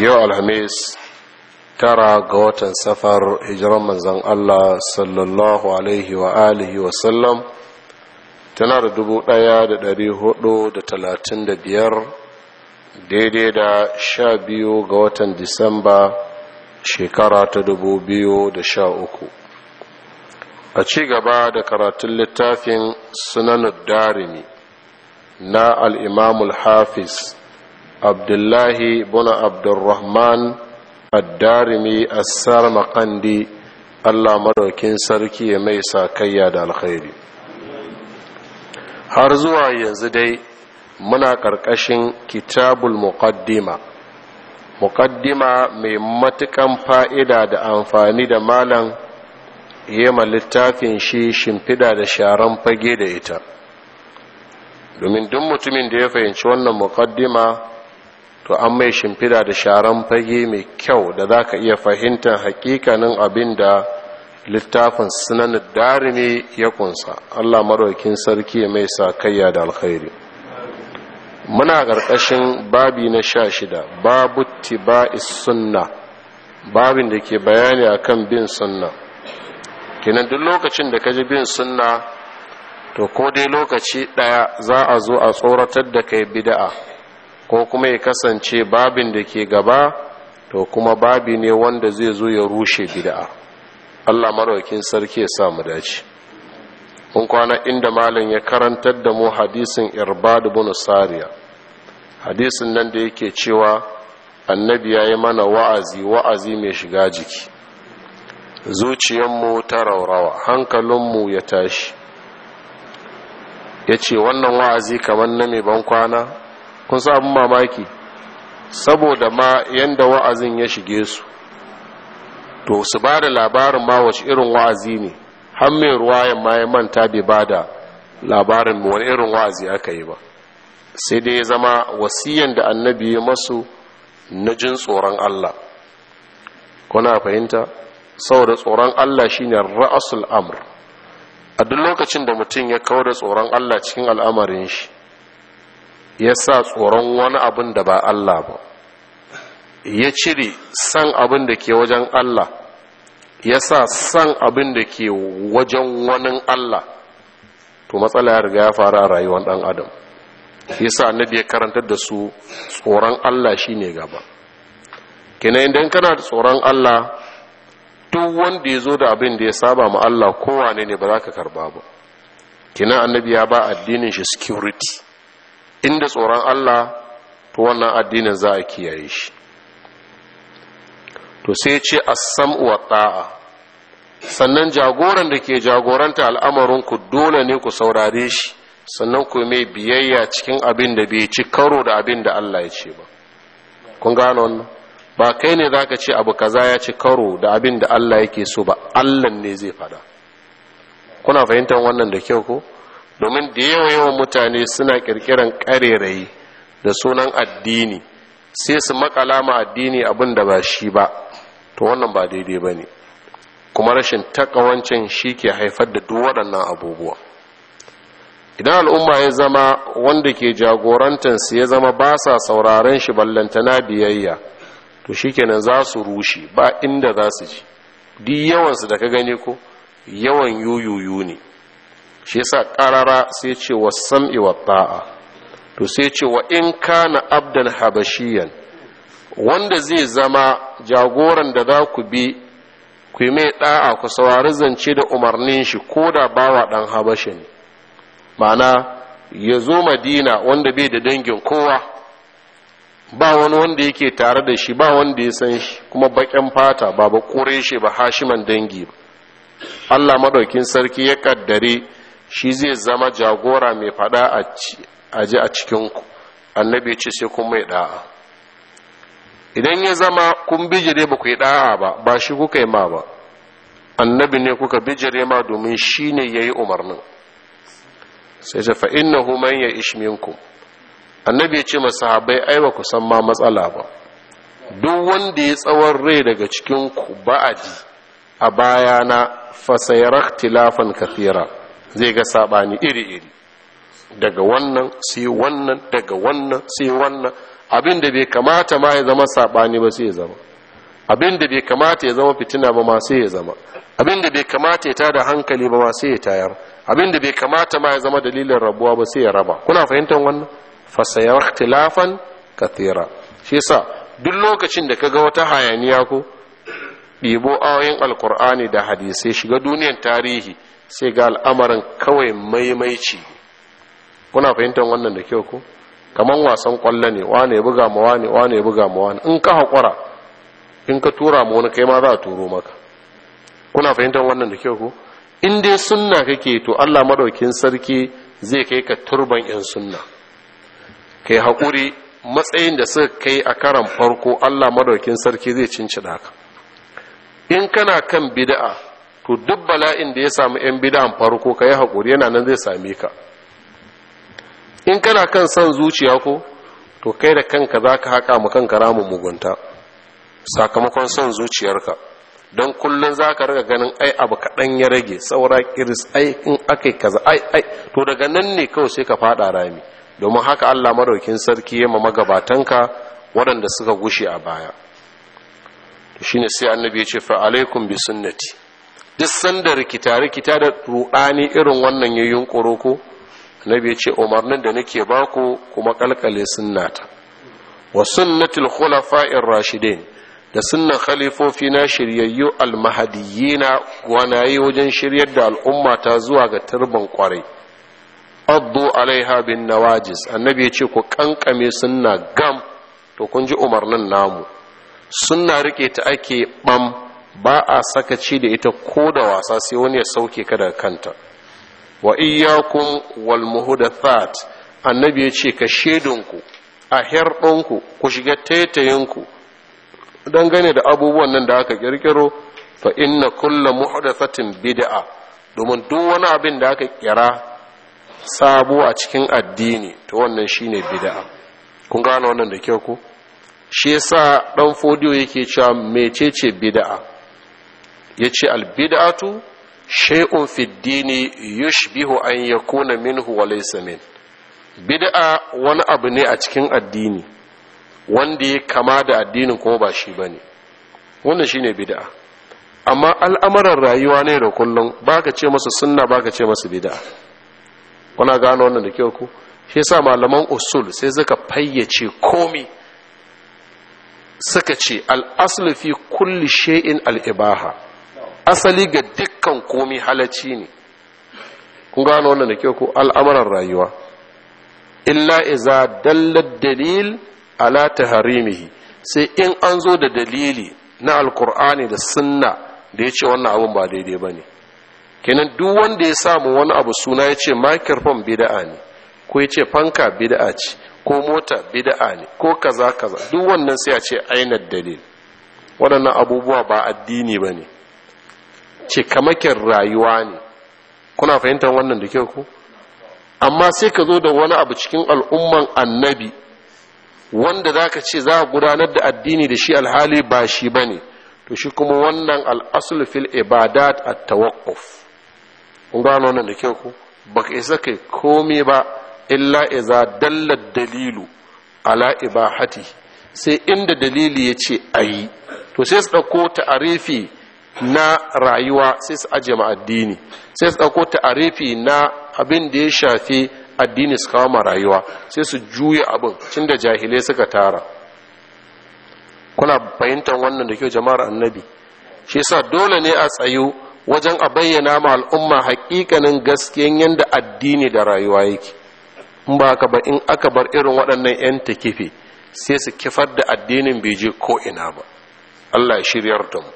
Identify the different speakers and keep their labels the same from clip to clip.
Speaker 1: yau alhamis tara ga watan safar hijiran manzan Allah sallallahu alaihi wa alihi wa sallam tana da dubu ɗaya da dari hudu da talatin da biyar daidai da sha biyu ga watan disamba shekara ta dubu biyu da sha uku a ci gaba da karatun littafin sunanar darini na al'imamul hafiz abdullahi bin abdurrahman addarimi assar makandi allah maraukin sarki ya mai sakayya da alkhairi har zuwa yanzu dai muna ƙarƙashin kitabul muqaddima muqaddima mai matukan fa'ida da amfani da malam ma littafin shi shimfida da sharan fage da ita domin duk mutumin da ya fahimci wannan muqaddima to an mai shimfida da sharan fage mai kyau da za ka iya fahimtar hakikanin abin da littafin sunan darimi ya kunsa allah maraukin sarki mai sa kayya da alkhairi muna ƙarƙashin babi na sha shida babu tiba'i sunna babin da ke bayani a kan bin sunna kenan duk lokacin da ka ji bin sunna to ko dai lokaci ɗaya za a zo a tsoratar da kai bida'a ko kuma ya kasance babin da ke gaba to kuma babi ne wanda zai zo ya rushe bid'a Allah maraukin sarki ya sa mu dace mun kwana inda malam ya karantar da mu hadisin irbad ibn sariya hadisin nan da yake cewa annabi ya yi mana wa'azi wa'azi mai shiga jiki zuciyarmu ta raurawa hankalinmu ya tashi Ya ce wannan wa'azi kamar na mai bankwana. kun samu mamaki saboda ma yanda wa'azin ya shige su to su ba da labarin ma wace irin wa'azi ne har mai ruwayan ma ya manta bai ba da labarin wani irin wa'azi aka yi ba sai dai ya zama wasiyan da annabi ya masu na jin tsoron Allah kuna fahimta saboda tsoron Allah shine ra'asul amr a duk lokacin da mutum ya kawo da tsoron Allah cikin al'amarin shi ya sa tsoron wani abin da ba Allah ba ya cire san abin da ke wajen Allah ya sa san abin da ke wajen wani Allah to matsala ya riga ya fara rayuwar ɗan adam ya sa annabi ya karantar da su tsoron Allah shi ne gaba kina idan kana da tsoron Allah duk wanda ya zo da abin da ya saba ma Allah kowane ne ba za ka karba ba kina annabi ya ba addinin shi security inda tsoron Allah to wannan addinin za a kiyaye shi to sai ce as-sam'u wa sannan jagoran da ke jagoranta al'amarin ku dole ne ku saurare shi sannan ku mai biyayya cikin abin da bai ci karo da abin da Allah ya ce ba kun gano wannan ba kai ne zaka ce abu kaza ya ci karo da abin da Allah yake so ba Allah ne zai fada kuna fahimtar wannan da kyau ko domin da yawa yawan mutane suna kirkiran karerayi da sunan addini sai su makala ma addini abin da ba shi ba to wannan ba daidai ba ne kuma rashin takawancin shi ke haifar da duk waɗannan abubuwa idan al'umma ya zama wanda ke jagorantarsu ya zama ba sa sauraren shi ballantana biyayya to shikenan za su rushe ba inda za su ji duk yawansu da ka gani ko yawan yuyuyu ne shi yasa karara sai ce wa sam'i wa ta'a to sai ce wa in kana abdan habashiyan wanda zai zama jagoran da za ku bi ku yi mai ɗa'a ku saurari zance da umarnin shi ko da bawa ɗan habashi ne ma'ana ya zo madina wanda bai da dangin kowa ba wani wanda yake tare da shi ba wanda ya san shi kuma baƙin fata ba ba kore shi ba hashiman dangi ba allah maɗaukin sarki ya ƙaddare shi zai zama jagora mai fada a ji a cikinku annabi ce sai kun mai da'a idan ya zama kun bijire ba ku yi da'a ba ba shi kuka yi ma ba annabi ne kuka bijire ma domin shi ne ya yi umarnin sai ta na human ya ishminku annabi ya ce masahabai ai ba ku san ma matsala ba duk wanda ya tsawon rai daga cikinku ba'adi a bayana fasayar tilafan kafira zai ga sabani iri-iri daga wannan sai wannan daga wannan sai wannan abin da bai kamata ma ya zama sabani ba sai ya zama abin da bai kamata ya zama fitina ba ma sai ya zama abin da bai kamata ya tada hankali ba ma sai ya tayar abin da bai kamata ma ya zama dalilin rabuwa ba sai ya raba kuna fahimtar wannan fasayar ikhtilafan kathira shi yasa duk lokacin da kaga wata hayaniya ko ɗibo ayoyin alqur'ani da hadisai shiga duniyar tarihi sai ga al'amarin kawai maimaici kuna fahimtar wannan da kyau ku kamar wasan kwallo ne wane ya buga ma wane wane ya buga ma wane in ka haƙura in ka tura ma wani kai ma za a turo maka kuna fahimtar wannan da kyau ku in dai sunna kake to Allah madaukin sarki zai kai ka turban yan sunna kai haƙuri matsayin da suka kai a karan farko Allah madaukin sarki zai cinci ka in kana kan bid'a to duk bala'in da ya samu yan bidan farko ka yi haƙuri yana nan zai same ka in kana kan son zuciya ko to kai da kanka za ka haƙa mu kanka ramun mugunta sakamakon son zuciyarka don kullum za ka raga ganin ai abu kaɗan ya rage saura kiris ai in aka yi kaza ai ai to daga nan ne kawai sai ka faɗa rami domin haka allah maraukin sarki ya ma magabatanka waɗanda suka gushe a baya shine sai annabi ya ce fa alaikum bi sunnati duk sanda rikita rikita da ruɗani irin wannan ya ƙoroko annabi ce umarnin da nake baku kuma kalkale sunnata wa sunnatul khulafa'ir rashidin da sunnan khalifofi na shiryayyu almahadiyina gwanaye wajen shiryar da al'umma ta zuwa ga turban kwarai addu alaiha bin nawajis annabi ya ce ku kankame sunna gam to kun ji umarnin namu sunna rike ta ake bam ba a ci da ita ko da wasa sai wani ya sauke ka daga kanta wa iyyakum wal muhdathat annabi ya ce ka shedunku a ɗinku ku shiga taitayinku dangane da abubuwan nan da aka kirkiro fa inna kulla muhdathatin bid'a domin duk wani abin da aka kira sabo a cikin addini to wannan shine bid'a kun gane wannan da kyau ko shi yasa dan fodiyo yake cewa mecece bid'a ya ce albid'atu shay'un fiddini dini yushbihu an yakuna minhu wa laysa min bid'a wani abu ne a cikin addini wanda ya kama da addinin kuma ba shi bane wannan shine bid'a amma al'amuran rayuwa ne da kullum baka ce masa sunna baka ce masa bid'a kuna gano wannan da kyau ku shi yasa malaman usul sai suka fayyace komi suka ce al-aslu fi kulli shay'in al-ibaha asali ga dukkan komi halacci ne kun gano wannan da kyau ko al'amuran rayuwa illa iza dallar dalil ala taharimihi sai in an zo da dalili na alkur'ani da sunna da ya ce wannan abun ba daidai ba ne kenan duk wanda ya samu wani abu suna ya ce microphone bida'a ne ko ya ce fanka bida'a ce ko mota bida'a ne ko kaza kaza duk wannan sai a ce ainar dalil waɗannan abubuwa ba addini ba ne cikamakin rayuwa ne kuna fahimtar wannan da kyau ku amma sai ka zo da wani abu cikin al'umman annabi wanda za ka ce za a gudanar da addini da shi alhali ba shi ba ne to shi kuma wannan al'asul fil ibadat a tawakuf gano wannan da kyau ku ba ka isa kai komi ba illa iza dallar dalilu ala ibahati sai inda dalili ya ce a yi to sai su ɗauko arifi na rayuwa sai su ajiye ma addini sai su ɗauko ta'arifi na abin da ya shafi addini su kawo ma rayuwa sai su juya abin cin da jahilai suka tara kuna fahimtar wannan da kyau jama'ar annabi shi sa dole ne a tsayu wajen a bayyana ma al'umma hakikanin gaskiyan yadda addini da rayuwa yake in ba ka ba in aka bar irin waɗannan 'yan ta kife sai su kifar da addinin bai je ko ina ba Allah ya shiryar da mu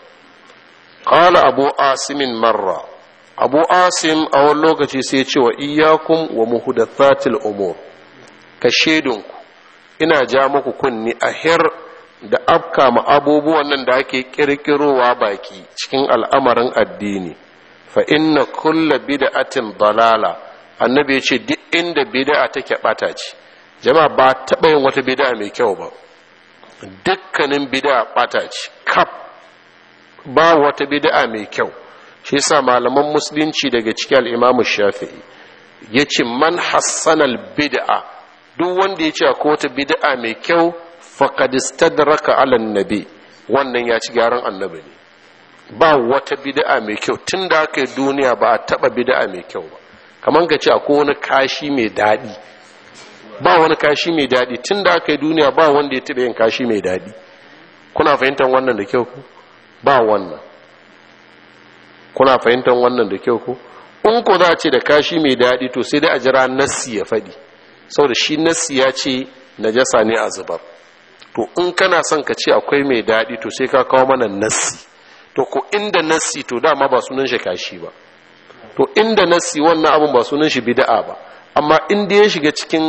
Speaker 1: قال abu asimin marra abu asim a wani lokaci sai ce wa iyakun wa muhdathatil umur ka ina ja kunni a har da afka ma abubuwan nan da ake kirkirowa baki cikin al'amarin addini fa inna kulla bid'atin dalala annabi ya ce duk inda bid'a take bata ce jama'a ba taɓa yin wata bid'a mai kyau ba dukkanin bid'a bata ce kaf ba wata bid'a mai kyau shi yasa malaman musulunci daga ciki al-Imam Shafi'i yace man hassanal bid'a duk wanda yace akwai wata bid'a mai kyau da istadraka 'ala nabi wannan ya ci gyaran annabi ne ba wata bid'a mai kyau tunda aka yi duniya ba a taba bid'a mai kyau ba kamar ka ce akwai wani kashi mai daɗi ba wani kashi mai daɗi tunda aka yi duniya ba wanda ya taba yin kashi mai daɗi kuna fahimtar wannan da kyau ku ba wannan kuna fahimtar wannan da kyau ko in ko za ce da kashi mai daɗi to sai dai a jira nassi ya faɗi saboda shi nassi ya ce najasa ne a zubar to in kana son ka ce akwai mai daɗi to sai ka kawo mana nassi to ko inda nassi to dama ba sunan shi kashi ba to inda nassi wannan abun ba sunan shi bid'a ba amma inda ya shiga cikin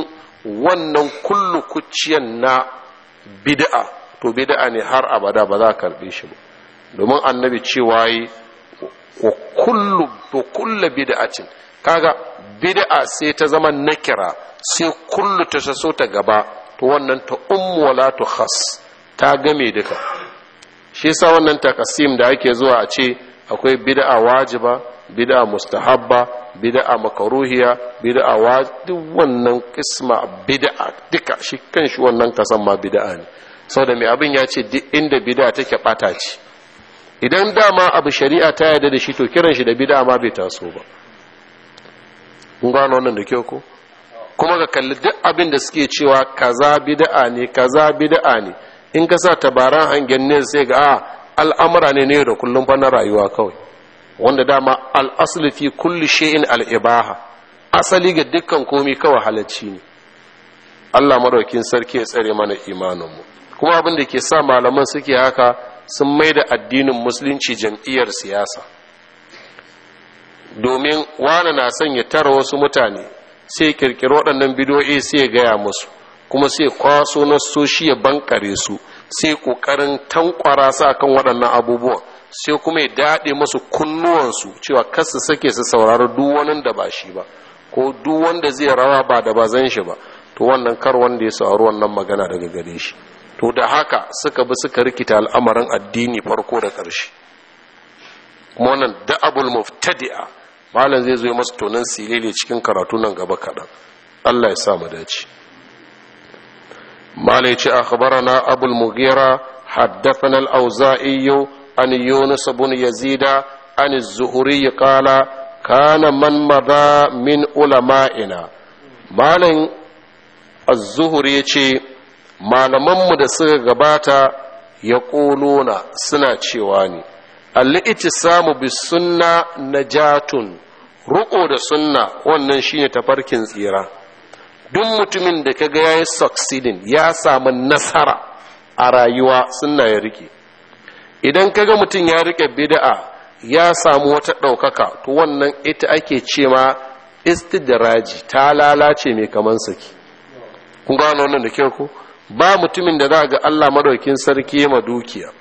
Speaker 1: wannan kullu kuciyan na bid'a to bid'a ne har abada ba za a karbe shi ba domin annabi cewa yi wa kullu to kullu bid'atin kaga bid'a sai ta zama nakira sai kullu ta so ta gaba to wannan ta ummu wala tu khas ta game duka shi yasa wannan takasim da ake zuwa a ce akwai bid'a wajiba bid'a mustahabba bid'a makaruhiya bid'a wa duk wannan kisma bid'a duka shi kanshi wannan kasan ma bid'a ne saboda mai abin ya ce duk inda bid'a take bata ce idan dama abu shari'a ta yarda da shi to kiran shi da bid'a ma bai taso ba Mun gano wannan da kyau ko kuma ka kalli duk abin da suke cewa kaza bid'a ne kaza bid'a ne in ka sa tabaran hangen ne sai ga a ah, al'amura ne ne da kullum fa rayuwa kawai wanda dama asli fi kulli shay'in al'ibaha asali ga dukkan komai kawai halacci ne Allah madaukin sarki ya tsare mana imanin mu kuma abin da ke sa malaman suke haka sun mai da addinin musulunci jam'iyyar siyasa domin wani na son ya tara wasu mutane sai kirkiri waɗannan bidoyi sai gaya musu kuma sai kwaso na soshi ya bankare su sai ƙoƙarin tankwara su kan waɗannan abubuwan sai kuma ya daɗe masu kunnuwansu cewa su sake su saurari duk wani da ba shi ba ko duk zai rawa ba da ba zan shi ba to wannan kar wanda ya sauri wannan magana daga gare shi to da haka suka bi suka rikita al'amarin addini farko da ƙarshe kuma wannan da'abul muftadi'a malam zai zo masu tonan silili cikin karatu nan gaba kaɗan allah ya sa mu dace malai ya ce akhbarana abul mughira haddathana al-auza'i an yunus ibn yazida an az-zuhri qala kana man madha min ulama'ina malam az-zuhri ya ce malamanmu da suka gabata ya ƙolona suna cewa ne alli'iti samu bi sunna najatun ruko da sunna wannan shine tafarkin tsira duk mutumin da kaga ya yi succeeding ya samu nasara a rayuwa sunna ya rike idan kaga mutum ya rike bida'a ya samu wata ɗaukaka to wannan ita ake ce ma istidraji ta lalace mai kaman saki kun gano wannan da kyau ko ba mutumin da za a ga Allah madaukin sarki ma dukiya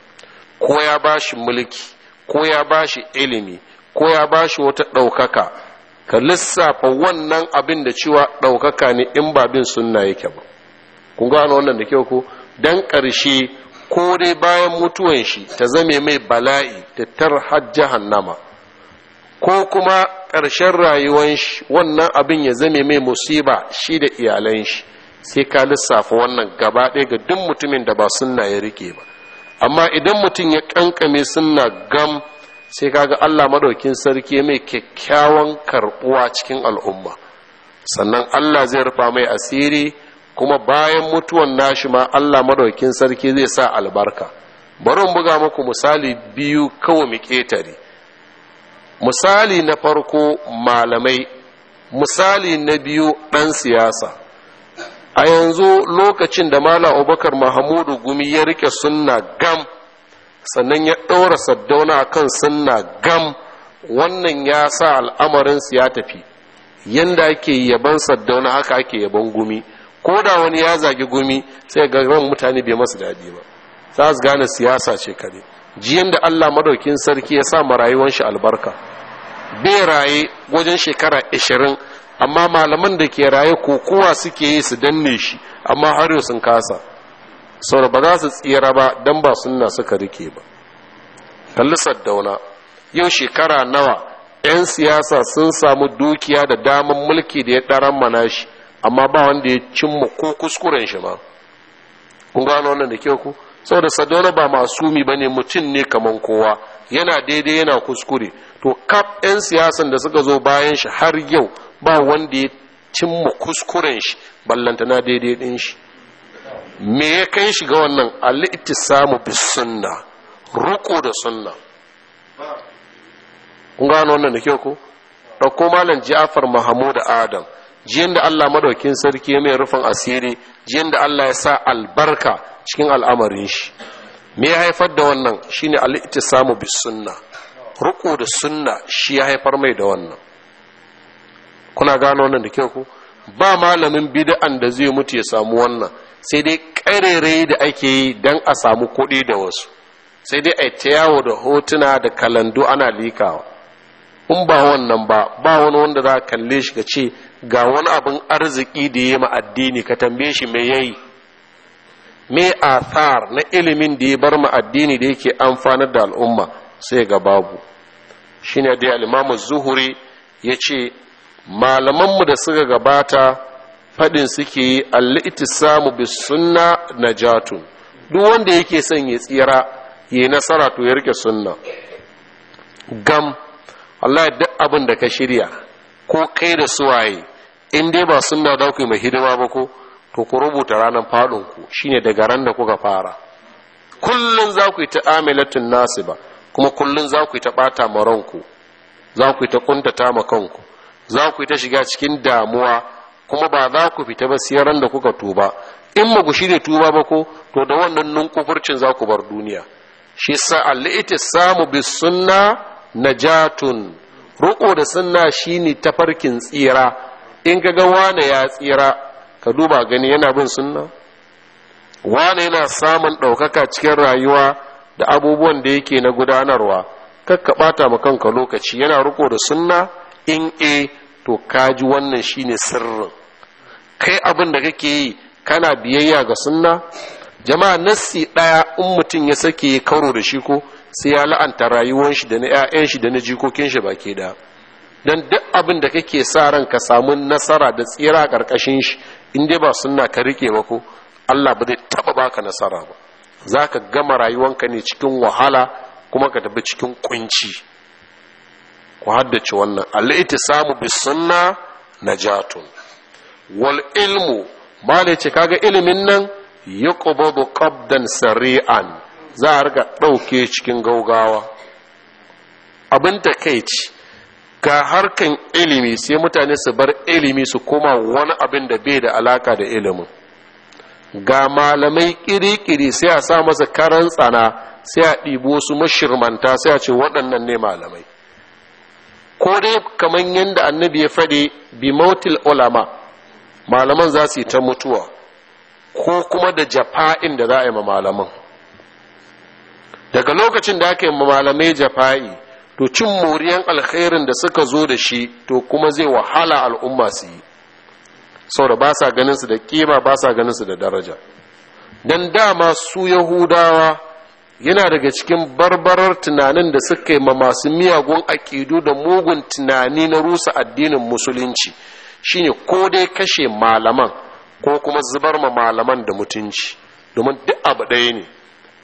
Speaker 1: ko ya ba shi mulki ko ya ba shi ilimi ko ya ba shi wata ɗaukaka ka lissafa wannan abin da cewa ɗaukaka ne in ba bin sunna yake ba kun gano wannan da kyau ko dan ƙarshe ko dai bayan mutuwan shi ta zame mai bala'i da tarhar jahannama ko kuma ƙarshen rayuwan shi wannan abin ya zame mai musiba shi da iyalan shi sai ka lissafa wannan gaba ɗaya ga duk mutumin da ba sunna ya rike ba amma idan mutum ya kankame sunna gam sai ka ga Allah madaukin sarki mai kyakkyawan karɓuwa cikin al'umma sannan Allah zai rufa mai asiri kuma bayan mutuwan nashi ma Allah madaukin sarki zai sa albarka bari mu buga muku misali biyu kawai mu ketare misali na farko malamai misali na biyu ɗan siyasa a yanzu lokacin da malam abubakar mahamudu gumi ya rike sunna gam sannan ya ɗora saddauna kan sunna gam wannan ya sa al'amarinsu ya tafi yanda ake yaban saddauna haka ake yaban gumi ko da wani ya zagi gumi sai ga ran mutane bai masu daɗi ba za su gane siyasa ce kare ji da allah madaukin sarki ya sa ma rayuwar shi albarka bai raye wajen shekara ashirin amma malaman da ke raye ko kokowa suke yi su danne shi amma har yau sun kasa saboda ba za su tsira ba dan ba sunna suka rike ba kalli saddauna yau shekara nawa 'yan siyasa sun samu dukiya da daman mulki da ya ɗaran mana shi amma ba wanda ya cimma ko kuskuren shi ma kun gano wannan da kyau ku saboda sadona ba masumi ba ne mutum ne kamar kowa yana daidai yana kuskure to kaf 'yan siyasan da suka zo bayan shi har yau ba wanda ya cimma kuskuren shi ballantana daidai din shi me ya kai shi ga wannan al'itti samu bi sunna ruku da sunna kun gano wannan da kyau ko ɗauko malam ja'far da adam jiyan da allah madaukin sarki mai rufin asiri jiyan da allah ya sa albarka cikin al'amarin shi me ya haifar da wannan shine al'itti samu bi sunna ruku da sunna shi ya haifar mai da wannan kuna gano wannan da kyau ko ba malamin bid'an da zai mutu ya samu wannan sai dai karere da ake yi dan a samu kuɗi da wasu sai dai ai ta yawo da hotuna da kalandu ana likawa in ba wannan ba ba wani wanda za ka kalle shi ka ce ga wani abin arziki da ya ma addini ka tambaye shi me yayi me athar na ilimin da ya bar ma addini da yake amfanar da al'umma sai ga babu shine dai al-Imam zuhuri ya ce malamanmu da suka gabata faɗin suke yi al'itisamu bis sunna najatun duk wanda yake son ya tsira yi nasara to ya rike sunna gam Allah duk abin da ka shirya ko kai da su waye in dai ba sunna da ku mai hidima ba ko to ku rubuta ranar faɗin ku shine daga ran da kuka fara kullum za ku yi ta amilatun nasiba kuma kullum za ku yi ta ɓata ma ranku za ku yi ta kuntata ma kanku za ku yi ta shiga cikin damuwa kuma ba za ku fita ba sai da kuka tuba in ba ku shine tuba ba ko to da wannan nunkufurcin za ku bar duniya shi sa al samu bis sunna najatun ruko da sunna shine tafarkin tsira in ga wane ya tsira ka duba gani yana bin sunna wane yana samun ɗaukaka cikin rayuwa da abubuwan da yake na gudanarwa kakka ɓata ma kanka lokaci yana riko da sunna in e to kaji wannan shine sirrin kai abin da kake yi kana biyayya ga sunna jama'a nassi ɗaya in mutum ya sake karo da shi ko sai ya la'anta rayuwar shi da na 'ya'yan shi da na jikokin shi baki da dan duk abin da kake sa ran ka samu nasara da tsira karkashin shi in dai ba sunna ka rike ba ko Allah ba zai taba baka nasara ba zaka gama rayuwanka ne cikin wahala kuma ka tafi cikin kunci ku haddace wannan al samu bis sunna najatun wal ilmu mala ce kaga ilimin nan yuqbadu qabdan sari'an za a riga dauke cikin gaugawa abin da kai ci ga harkan ilimi sai mutane su bar ilimi su koma wani abin da bai da alaka da ilimin ga malamai kiri-kiri sai a sa masa karantsana tsana sai a ɗibo su mashirmanta sai a ce waɗannan ne malamai ko dai kamar yadda annabi ya faɗi bi mautil ulama malaman za su yi ta mutuwa ko kuma da jafa'in da za a yi ma malaman daga lokacin da aka yi ma malamai jafa'i to cin moriyan alkhairin da suka zo da shi to kuma zai wahala al'umma su yi saboda ba sa ganin su da kima ba sa ganin su da daraja dan dama su yahudawa yana daga cikin barbarar tunanin da suka yi ma masu miyagun aƙidu da mugun tunani na rusa addinin musulunci shine ko dai kashe malaman ko kuma zubar ma malaman da mutunci domin duk abu ɗaya ne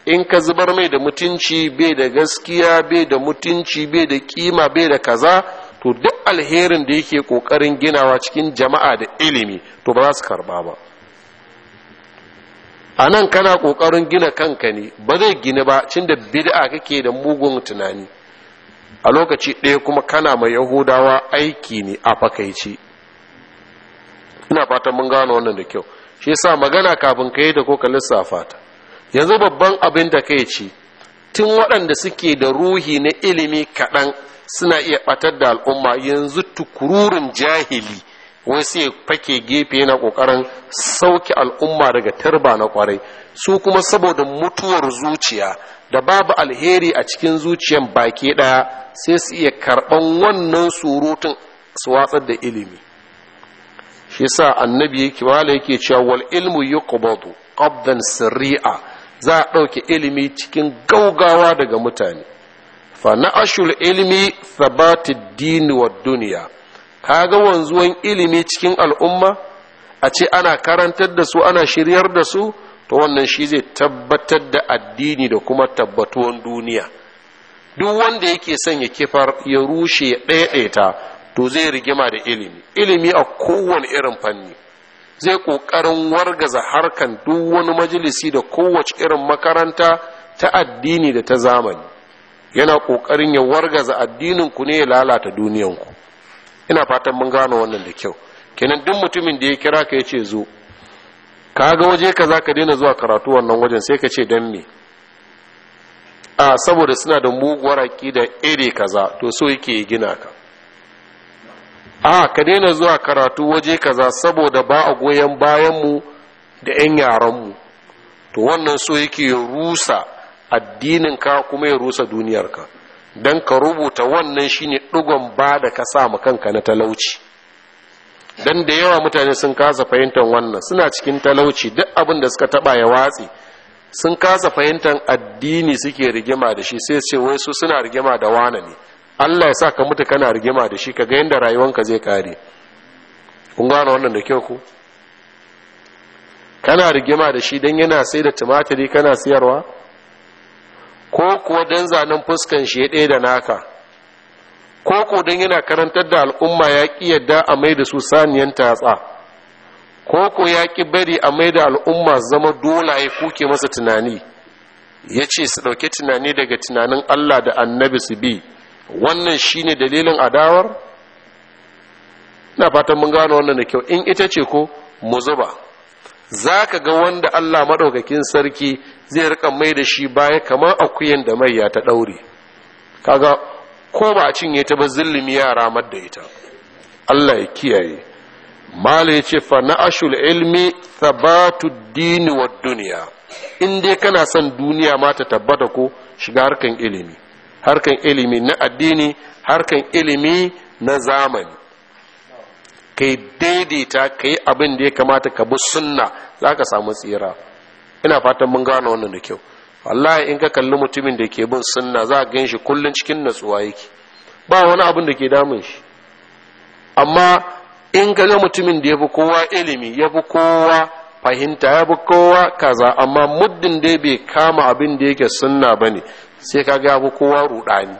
Speaker 1: in ka zubar mai da mutunci bai da gaskiya bai da mutunci bai da kima bai da kaza to duk alherin da yake ƙoƙarin ginawa cikin jama'a da ilimi to ba za su karɓa ba a nan kana ƙoƙarin gina kanka ne ba zai gina ba cin da bid'a kake da mugun tunani a lokaci ɗaya kuma kana mai yahudawa aiki ne a fakaici ina fatan mun gano wannan da kyau shi yasa magana kafin ka yi da ko ka lissafa ta yanzu babban abin da kai ci tun waɗanda suke da ruhi na ilimi kaɗan suna iya ɓatar da al'umma yanzu tukururin jahili wai sai fake gefe yana kokarin sauke al'umma daga tarba na kwarai su kuma saboda mutuwar zuciya da babu alheri a cikin zuciyan baki daya sai su iya karban wannan surutun su watsar da ilimi shi sa annabi yake wala yake cewa wal ilmu yuqbadu qabdan sirri'a za a ɗauke ilimi cikin gaugawa daga mutane fa na'ashul ilmi thabatid din wa duniya Ka ga wanzuwan ilimi cikin al'umma a ce ana karantar da su ana shiryar da su to wannan shi zai tabbatar da addini da kuma tabbatuwan duniya duk wanda yake son ya kifar ya rushe ya ɗaiɗaita to zai rigima da ilimi ilimi a kowane irin fanni zai ƙoƙarin wargaza harkan duk wani majalisi da kowace irin makaranta ta addini da ta zamani yana ƙoƙarin ya wargaza addininku ne ya lalata duniyanku ina fatan mun gano wannan da kyau kenan duk mutumin da ya kira ka ya ce zo ka ga waje ka za ka daina zuwa karatu wannan wajen sai ka ce don me a saboda suna da muguwar aƙida iri kaza to so yake gina ka a ka daina zuwa karatu waje kaza saboda ba a goyon bayanmu da 'yan yaranmu to wannan so yake rusa addinin ka kuma ya rusa duniyarka don ka rubuta wannan shine ɗigon ba da ka sa kanka na talauci don da yawa mutane sun kasa fahimtar wannan suna cikin talauci duk abin da suka taba ya watsi sun kasa fahimtar addini suke rigima da shi sai ce wai su suna rigima da wane ne Allah ya sa ka mutu kana rigima da shi ka ga yadda rayuwanka zai kare kun gane wannan da kyau ku kana rigima da shi don yana sai da tumatiri kana siyarwa ko kuwa dan zanen fuskan shi ɗaya da naka ko ko don yana karantar da al'umma ya ƙi yadda a mai da su saniyan tatsa ko ko ya ƙi bari a mai da al'umma zama ya kuke masa tunani ya ce su ɗauki tunani daga tunanin allah da annabi su bi wannan shine dalilin adawar na fatan mun gano wannan da kyau in ita ce ko mu zuba za ka ga wanda allah maɗaukakin sarki zai rika mai da shi baya kamar akuyan da mai ya ta daure kaga ko ba a cinye ta ba zillimi yara madda ita Allah ya kiyaye mala yace ce fa na'ashul ilmi thabatu dini wa duniya in dai kana son duniya ma ta tabbata ko shiga harkan ilimi harkan ilimi na addini harkan ilimi na zamani kai daidaita kai abin da ya kamata ka bi sunna zaka samu tsira ina fatan mun gane wannan da kyau Allah in ka kalli mutumin da ke bin sunna za a gan shi kullum cikin natsuwa yake ba wani abin da ke damun shi amma in ka ga mutumin da yafi fi kowa ilimi yafi kowa fahimta ya kowa kaza amma muddin dai bai kama abin da yake sunna bane sai ka ga ya kowa rudani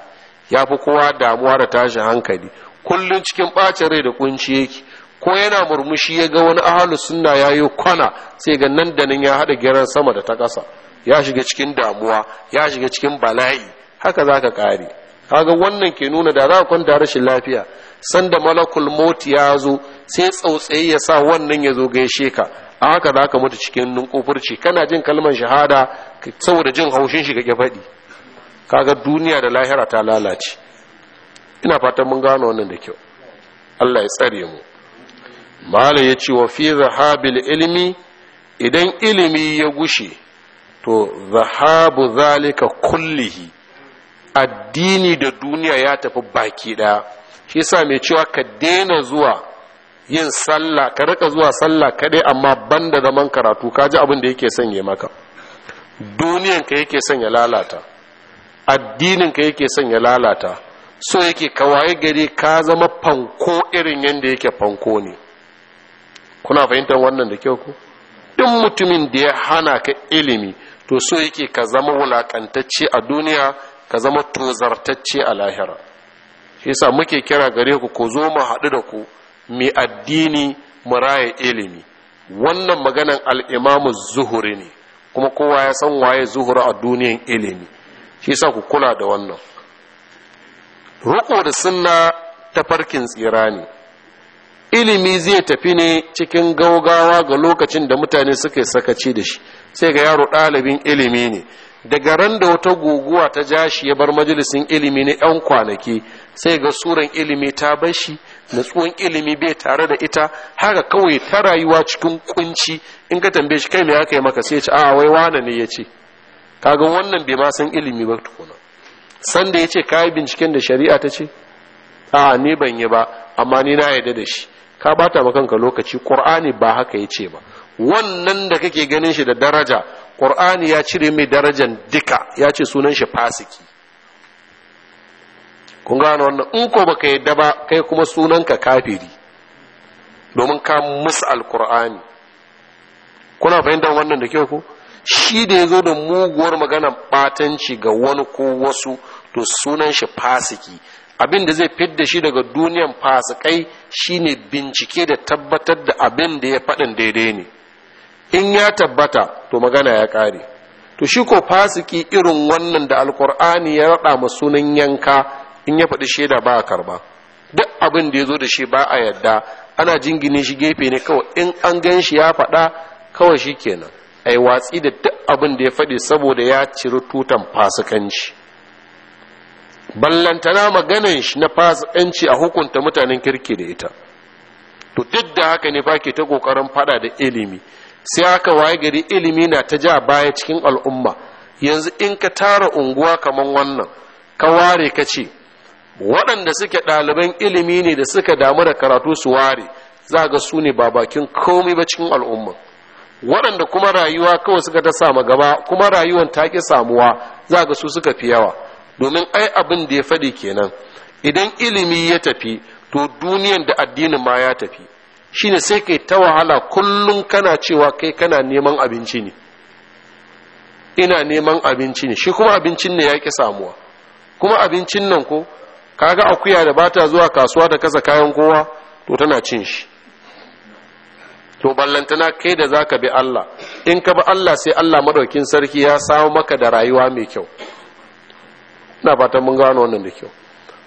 Speaker 1: yafi fi kowa damuwa da tashin hankali kullun cikin ɓace rai da kunci yake ko yana murmushi ya ga wani ahalus sunna ya yi kwana sai ga nan da nan ya haɗa gyaran sama da ta ƙasa ya shiga cikin damuwa ya shiga cikin bala'i haka za ka ƙare kaga wannan ke nuna da za ka kwanta rashin lafiya sanda malakul moti ya zo sai tsautsayi ya sa wannan ya zo gaishe ka a haka za ka mutu cikin nunkufurci kana jin kalmar shahada saboda jin haushin shi ke faɗi kaga duniya da lahira ta lalace ina fatan mun gano wannan da kyau Allah ya tsare mu malam ya ce wa fi zahabil ilimi idan ilimi ya gushe to zahabu zalika kullihi addini da duniya ya tafi baki ɗaya shi yasa mai cewa ka daina zuwa yin sallah ka rika zuwa sallah kaɗai amma banda zaman karatu ka ji abin da yake sanya maka duniyanka yake sanya lalata addinin ka yake sanya lalata so yake kawaye gari ka zama fanko irin yadda yake fanko ne kuna fahimtar wannan da kyau ku duk mutumin da ya hana ka ilimi to so yake ka zama wulakantacce a duniya ka zama tozartacce a lahira shi yasa muke kira gare ku ko zo mu haɗu da ku mai addini mu raya ilimi wannan maganan al'imamu zuhuri ne kuma kowa ya san waye zuhuri a duniyan ilimi shi yasa ku kula da wannan Ruko da sunna ta farkin tsira ne ilimi zai tafi ne cikin gaugawa ga lokacin da mutane suka sakaci da shi sai ga yaro ɗalibin ilimi ne daga ran da wata guguwa ta ja shi ya bar majalisin ilimi na 'yan kwanaki sai ga suran ilimi ta bar shi natsuwan ilimi bai tare da ita haka kawai ta rayuwa cikin kunci in ka tambaye shi kai mai aka yi maka sai ce a wai wane ne ya ce kaga wannan bai ma san ilimi ba tukuna san ya ce kayi binciken da shari'a ta ce a ni ban yi ba amma ni na yarda da shi ka bata ma kanka lokaci qur'ani ba haka yace ba wannan da kake ganin shi da daraja qur'ani ya cire mai darajan duka ya ce sunan shi fasiki kun gano wannan in ko baka yadda ba kai kuma sunanka kafiri domin ka musu alqur'ani kuna fahimtar wannan da kyau ko shi da ya zo da muguwar maganar batanci ga wani ko wasu to sunan shi fasiki abin da zai fidda shi daga duniyan fasikai shine bincike da tabbatar da abin da ya faɗin daidai ne in ya tabbata to magana ya ƙare to shi ko fasiki irin wannan da alkur'ani ya raɗa ma sunan yanka in ya faɗi shaida ba a karba duk abin da ya zo da shi ba a yadda ana jingine shi gefe ne kawai in an gan shi ya faɗa kawai shi kenan ai watsi da duk abin da ya faɗi saboda ya ciri tutan fasikanci ballantana maganan shi na fasikanci a hukunta mutanen kirki da ita to duk da haka ne fa ke ta kokarin fada da ilimi sai haka waye gari ilimi na ta ja baya cikin al'umma yanzu in ka tara unguwa kaman wannan ka ware ka ce waɗanda suke ɗaliban ilimi ne da suka damu da karatu su ware za ga su ne ba bakin komai ba cikin al'umma waɗanda kuma rayuwa kawai suka ta sama gaba kuma rayuwan ta ki samuwa za ga su suka fi yawa domin ai abin da ya faɗi kenan idan ilimi ya tafi to duniyan da addinin ma ya tafi shine sai kai ta wahala kullum kana cewa kai kana neman abinci ne ina neman abinci ne shi kuma abincin ne ya ƙi samuwa kuma abincin nan ko kaga akuya da bata zuwa kasuwa da kasa kayan kowa to tana cin shi to ballantana kai da zaka bi Allah in ka bi Allah sai Allah madaukin sarki ya samu maka da rayuwa mai kyau ina fata mun gano wannan da kyau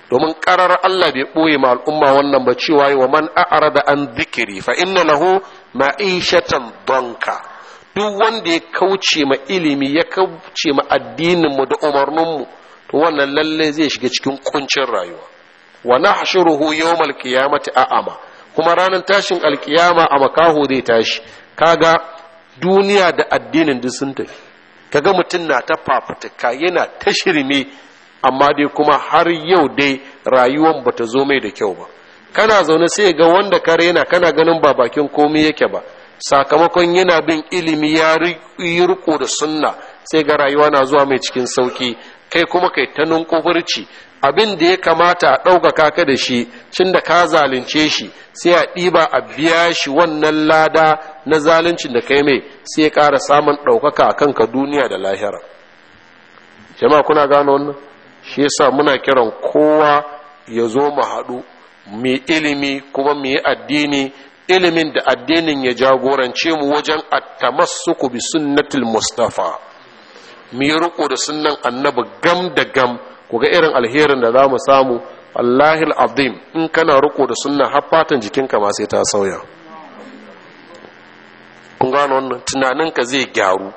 Speaker 1: domin karar Allah bai ɓoye ma al'umma wannan ba cewa wa man a'rada da an zikiri fa inna lahu ma'ishatan danka duk wanda ya kauce ma ilimi ya kauce ma addinin mu da umarnin mu to wannan lalle zai shiga cikin kuncin rayuwa wa nahshuruhu yawmal qiyamati a'ama kuma ranar tashin alkiyama a makaho zai tashi kaga duniya da addinin duk sun tafi kaga mutum na ta fafutuka yana ta shirme amma dai kuma har yau dai rayuwan ba ta zo mai da kyau ba kana zaune sai ga wanda ka rena kana ganin ba bakin komai yake ba sakamakon yana bin ilimi ya riƙo da sunna sai ga rayuwa na zuwa mai cikin sauki kai kuma kai ta nunkufurci abin da ya kamata a ɗaukaka ka da shi cin da ka zalunce shi sai a ɗiba a biya shi wannan lada na zaluncin da kai mai sai ya ƙara samun ɗaukaka a kanka duniya da lahira jama'a kuna gano wannan shi yasa muna kiran kowa ya zo mu haɗu mu ilimi kuma mu addini ilimin da addinin ya jagorance mu wajen attamassuku bi sunnatul mustafa mu yi riko da sunnan annabi gam da gam ku ga irin alherin da za mu samu allahil azim in kana riko da sunna har fatan jikinka ma sai ta sauya kun gano wannan tunaninka zai gyaru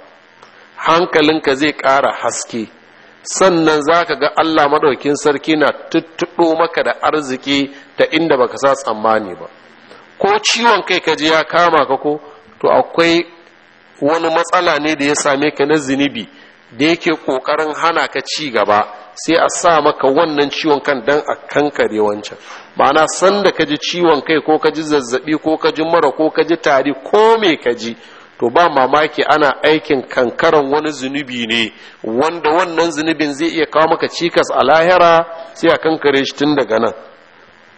Speaker 1: hankalinka zai ƙara haske sannan za ka ga Allah maɗaukin sarki na tuttuɗo maka da arziki ta inda baka sa tsammani ba ko ciwon kai kaji ya kama ka ko to akwai wani matsala ne da ya same ka na zunubi da yake ƙoƙarin hana ka ci gaba sai a sa maka wannan ciwon kan dan a kankare wancan ma'ana sanda ka ji ciwon kai ko ka ji zazzabi ko ka ji mara ko ka ji tari ko me kaji. to ba mamaki ana aikin kankaran wani zunubi ne wanda wannan zunubin zai iya kawo maka cikas a lahira sai a kankare shi tun daga nan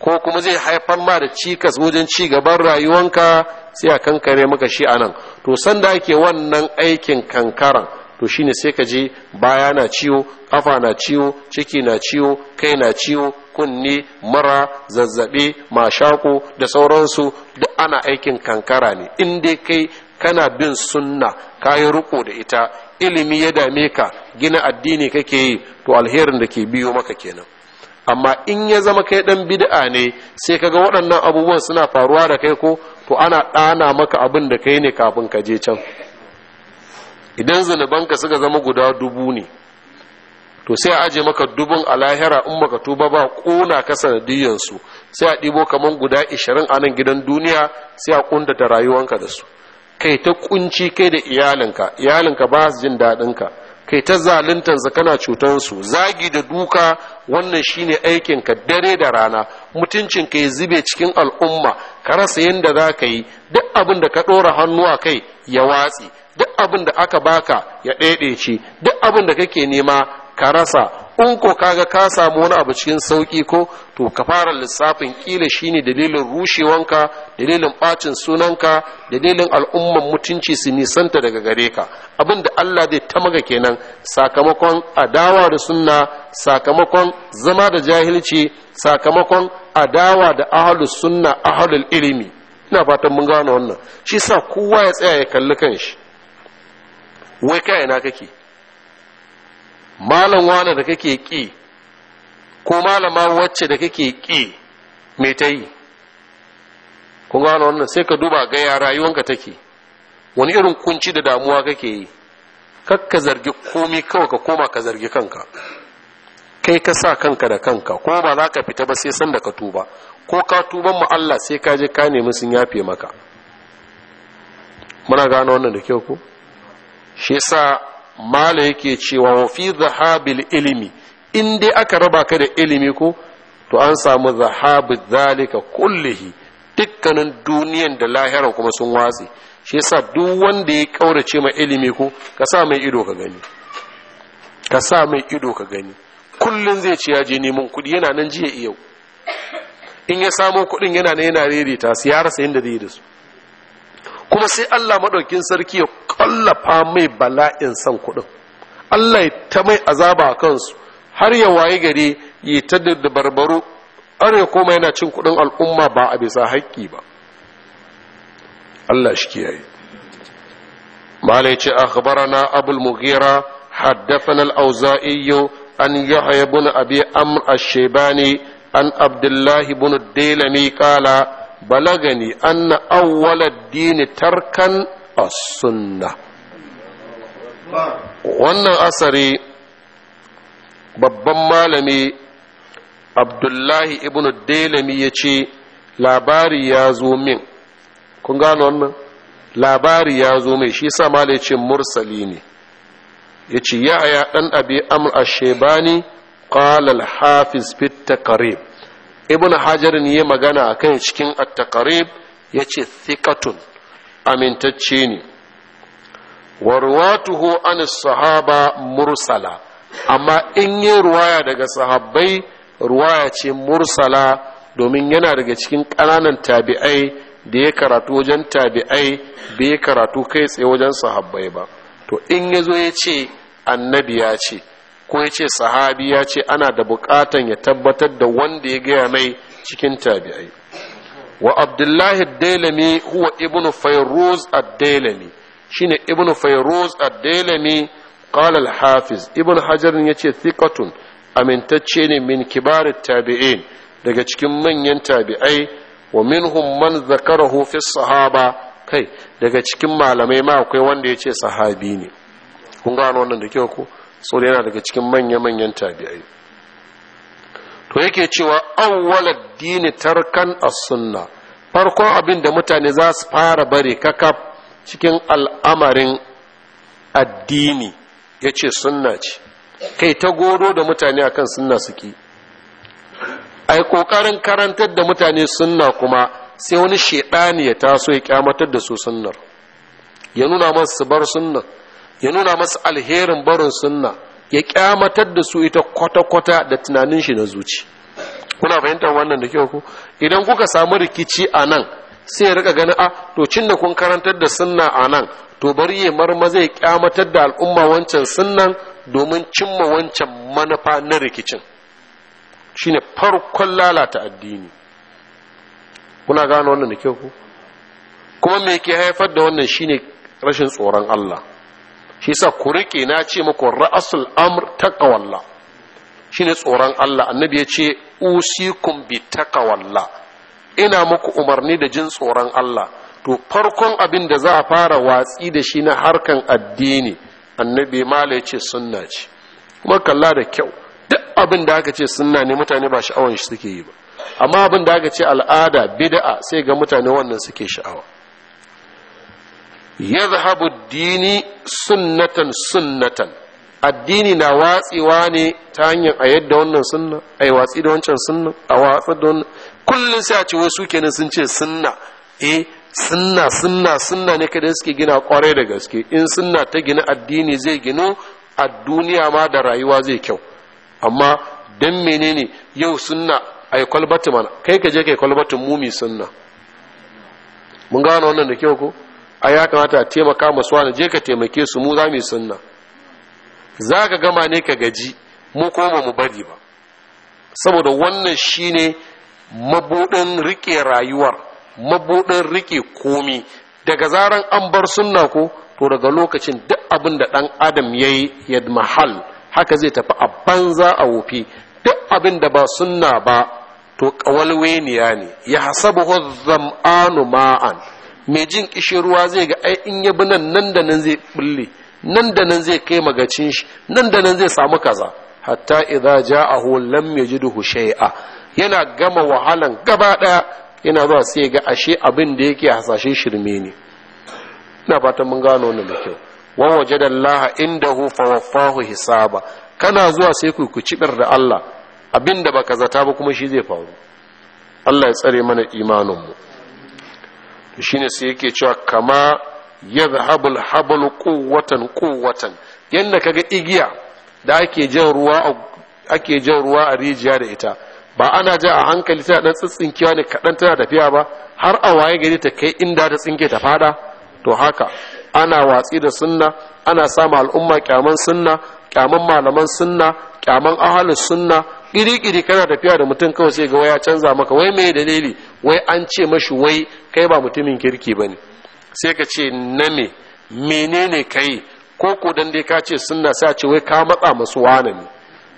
Speaker 1: ko kuma zai haifar ma da cikas wajen ci gaban rayuwanka sai a kankare maka shi a nan to sanda ake wannan aikin kankaran to shine sai ka je baya na ciwo kafa na ciwo ciki na ciwo kai na ciwo kunne mara zazzabe mashako da sauransu da ana aikin kankara ne in dai kai kana bin sunna ka yi riko da ita ilimi ya dame ka gina addini kake yi to alherin da ke biyo maka kenan amma in ya zama kai dan bid'a ne sai kaga waɗannan abubuwan suna faruwa da kai ko to ana ɗana maka abin da kai ne kafin ka je can idan zunubanka suka zama guda dubu ne to sai a aje maka dubun a lahira in baka tuba ba kona ka sanadiyyansu sai a ɗibo kamar guda 20 a nan gidan duniya sai a kuntata rayuwanka da su kai ta kunci kai da iyalinka iyalinka ba su jin daɗinka kai ta zaluntansa kana su, zagi da duka wannan shine aikinka dare da rana mutuncin ka zube cikin al'umma ka rasa yadda za ka yi duk abin da ka ɗora hannu a kai ya watsi duk abin da aka baka ya ɗaiɗaice duk abin da kake nema ka rasa in ko kaga ka samu wani abu cikin sauki ko to ka fara lissafin kila shine dalilin rushewanka dalilin bacin sunanka dalilin al'umman mutunci su nisanta daga gare ka abinda Allah zai ta maka kenan sakamakon adawa da sunna sakamakon zama da jahilci sakamakon adawa da ahlus sunna ahlul ilimi ina fatan mun gane wannan shi sa kowa ya tsaya ya kalli kanshi wai kai na kake malam wane da kake ƙi ko malama wacce da kake ƙi mai ta yi kun gano wannan sai ka duba gaya rayuwanka take wani irin kunci da damuwa kake yi kar ka zargi komi kawai koma ka zargi kanka kai ka sa kanka da kanka ko ba za ka fita ba sai sanda ka tuba ko ka tuban mu Allah sai ka je ka nemi sun yafe maka muna gano wannan da kyau ko shi yasa mala yake cewa wa fi zahabil ilimi in dai aka raba ka da ilimi ko to an samu zahabu zalika kullihi dukkanin duniyan da lahira kuma sun watsi shi yasa duk wanda ya kaurace ma ilimi ko ka sa mai ido ka gani ka sa mai ido ka gani kullun zai ci ya je neman kuɗi yana nan jiya yau in ya samo kuɗin yana nan yana rereta su ya rasa inda zai da su kuma sai Allah maɗaukin sarki ya ƙwallafa mai bala'in san kuɗin Allah ya ta mai azaba a kansu har ya waye gare ya ta da barbaro har ya koma yana cin kuɗin al'umma ba a bisa haƙƙi ba Allah shi kiyaye malai ce akhbarana abul mughira haddathana al-auza'i an yahya ibn abi amr ash-shaybani an Abdullahi ibn ad qala balagani anna awwalad dini tarkan as-sunna wannan asari babban malami abdullahi Ibnu dalami ya ce labari ya zo min kun gano wannan labari ya zo mai shi sa malai ce mursali ne ya ce ya aya ɗan abi amur a shebani ƙalal hafiz fit takarib ibn hajar ne ya magana a kan cikin attakarib Ya ce thiqatun amintacce ne warwatuhu an sahaba mursala amma in yi ruwaya daga sahabbai ruwaya ce mursala domin yana daga cikin ƙananan tabi'ai da ya karatu wajen tabi'ai bai karatu kai tsaye wajen sahabbai ba to in ya zo ya ce annabi ya ce ko ya ce sahabi ya ce ana da bukatan ya tabbatar da wanda ya gaya mai cikin tabi'ai wa abdullahi dalami huwa Ibnu fayruz ad dalami shine Ibnu fayruz ad dalami qala al-hafiz Ibnu hajar ya ce thiqatun amintacce ne min kibarit tabi'in daga cikin manyan tabi'ai wa minhum man zakarahu fi sahaba kai daga cikin malamai ma akwai wanda ya ce sahabi ne kun gano wannan da kyau ko so da yana daga cikin manya-manyan tabi'ai to yake cewa awwala dini tarkan as-sunna farkon abin da mutane za su fara bari kakaf cikin al'amarin addini yace sunna ce kai ta godo da mutane akan sunna suke ai kokarin karantar da mutane sunna kuma sai wani shedani ya taso ya kyamatar da su sunnar ya nuna masu su bar sunnar ya nuna masu alherin barin sunna ya kyamatar da su ita kwata-kwata da tunanin shi na zuci kuna fahimtar wannan da kyau ku idan kuka samu rikici a nan sai ya rika gani a ah, to cin da kun karantar da sunna a nan to bari ya marma zai kyamatar da al'umma wancan sunnan domin cimma wancan manufa na rikicin shine farkon lalata addini kuna gano wannan da kyau ku kuma me ke haifar da wannan shine rashin tsoron Allah shi sa ku rike na ce muku ra'asul amr taqawalla shine tsoron Allah annabi ya ce usikum bi taqawalla ina muku umarni da jin tsoron Allah to farkon abin da za a fara watsi da shi na harkan addini annabi mala ya ce sunna ce kuma kalla da kyau duk abin da aka ce sunna ne mutane ba sha'awar shi suke yi ba amma abin da aka ce al'ada bid'a sai ga mutane wannan suke sha'awa yadhhabu dini sunnatan sunnatan addini na watsewa ne ta hanyar a yadda wannan sunna a yi watsi da wancan sunna a watsar da wannan kullum sai a ce wasu kenan sun ce sunna eh sunna sunna sunna ne kada suke gina kwarai da gaske in sunna ta gina addini zai gino a duniya ma da rayuwa zai kyau amma dan menene yau sunna a yi mana kai ka je kai kwalbatin mumi sunna mun gano wannan da kyau ko a ya kamata a taimaka masu wani je ka taimake su mu za mu yi sunna za ka gama ne ka gaji mu koma mu bari ba saboda wannan shi ne mabuɗin rike rayuwar mabuɗin rike komi daga zaran an bar sunna ko to daga lokacin duk abin da ɗan adam ya yi ya mahal haka zai tafi a banza a wofi duk abin da ba sunna ba to ƙawalweniya ne ya hasabu zam'anu ma'an mai jin ƙishi ruwa zai ga ai in ya bi nan nan da nan zai bulle nan da nan zai kai magacin shi nan da nan zai samu kaza hatta idza ja'ahu lam yajidhu shay'a yana gama wahalan gaba daya yana zuwa sai ga ashe abin da yake hasashe shirme ne ina fatan mun gano wani da kyau da Laha inda indahu fawaffahu hisaba kana zuwa sai ku ku cibir da Allah abinda baka zata ba kuma shi zai faru Allah ya tsare mana imanin mu shine sai yake cewa kama yadhhabul hablu quwwatan quwwatan yanda kaga igiya da ake jan ruwa ake jan ruwa a rijiya da ita ba ana ja a hankali tana dan tsitsinkiya ne kaɗan tana tafiya ba har a waye gari ta kai inda ta tsinke ta fada to haka ana watsi da sunna ana samu al'umma kyaman sunna kyaman malaman sunna kyaman ahalin sunna kiri-kiri kana tafiya da mutum kawai sai ga waya canza maka wai mai dalili wai an ce mashi wai kai ba mutumin kirki ba ne sai ka ce na me menene kai ko ko dan dai ka ce sunna sai a ce wai ka matsa masu wane ne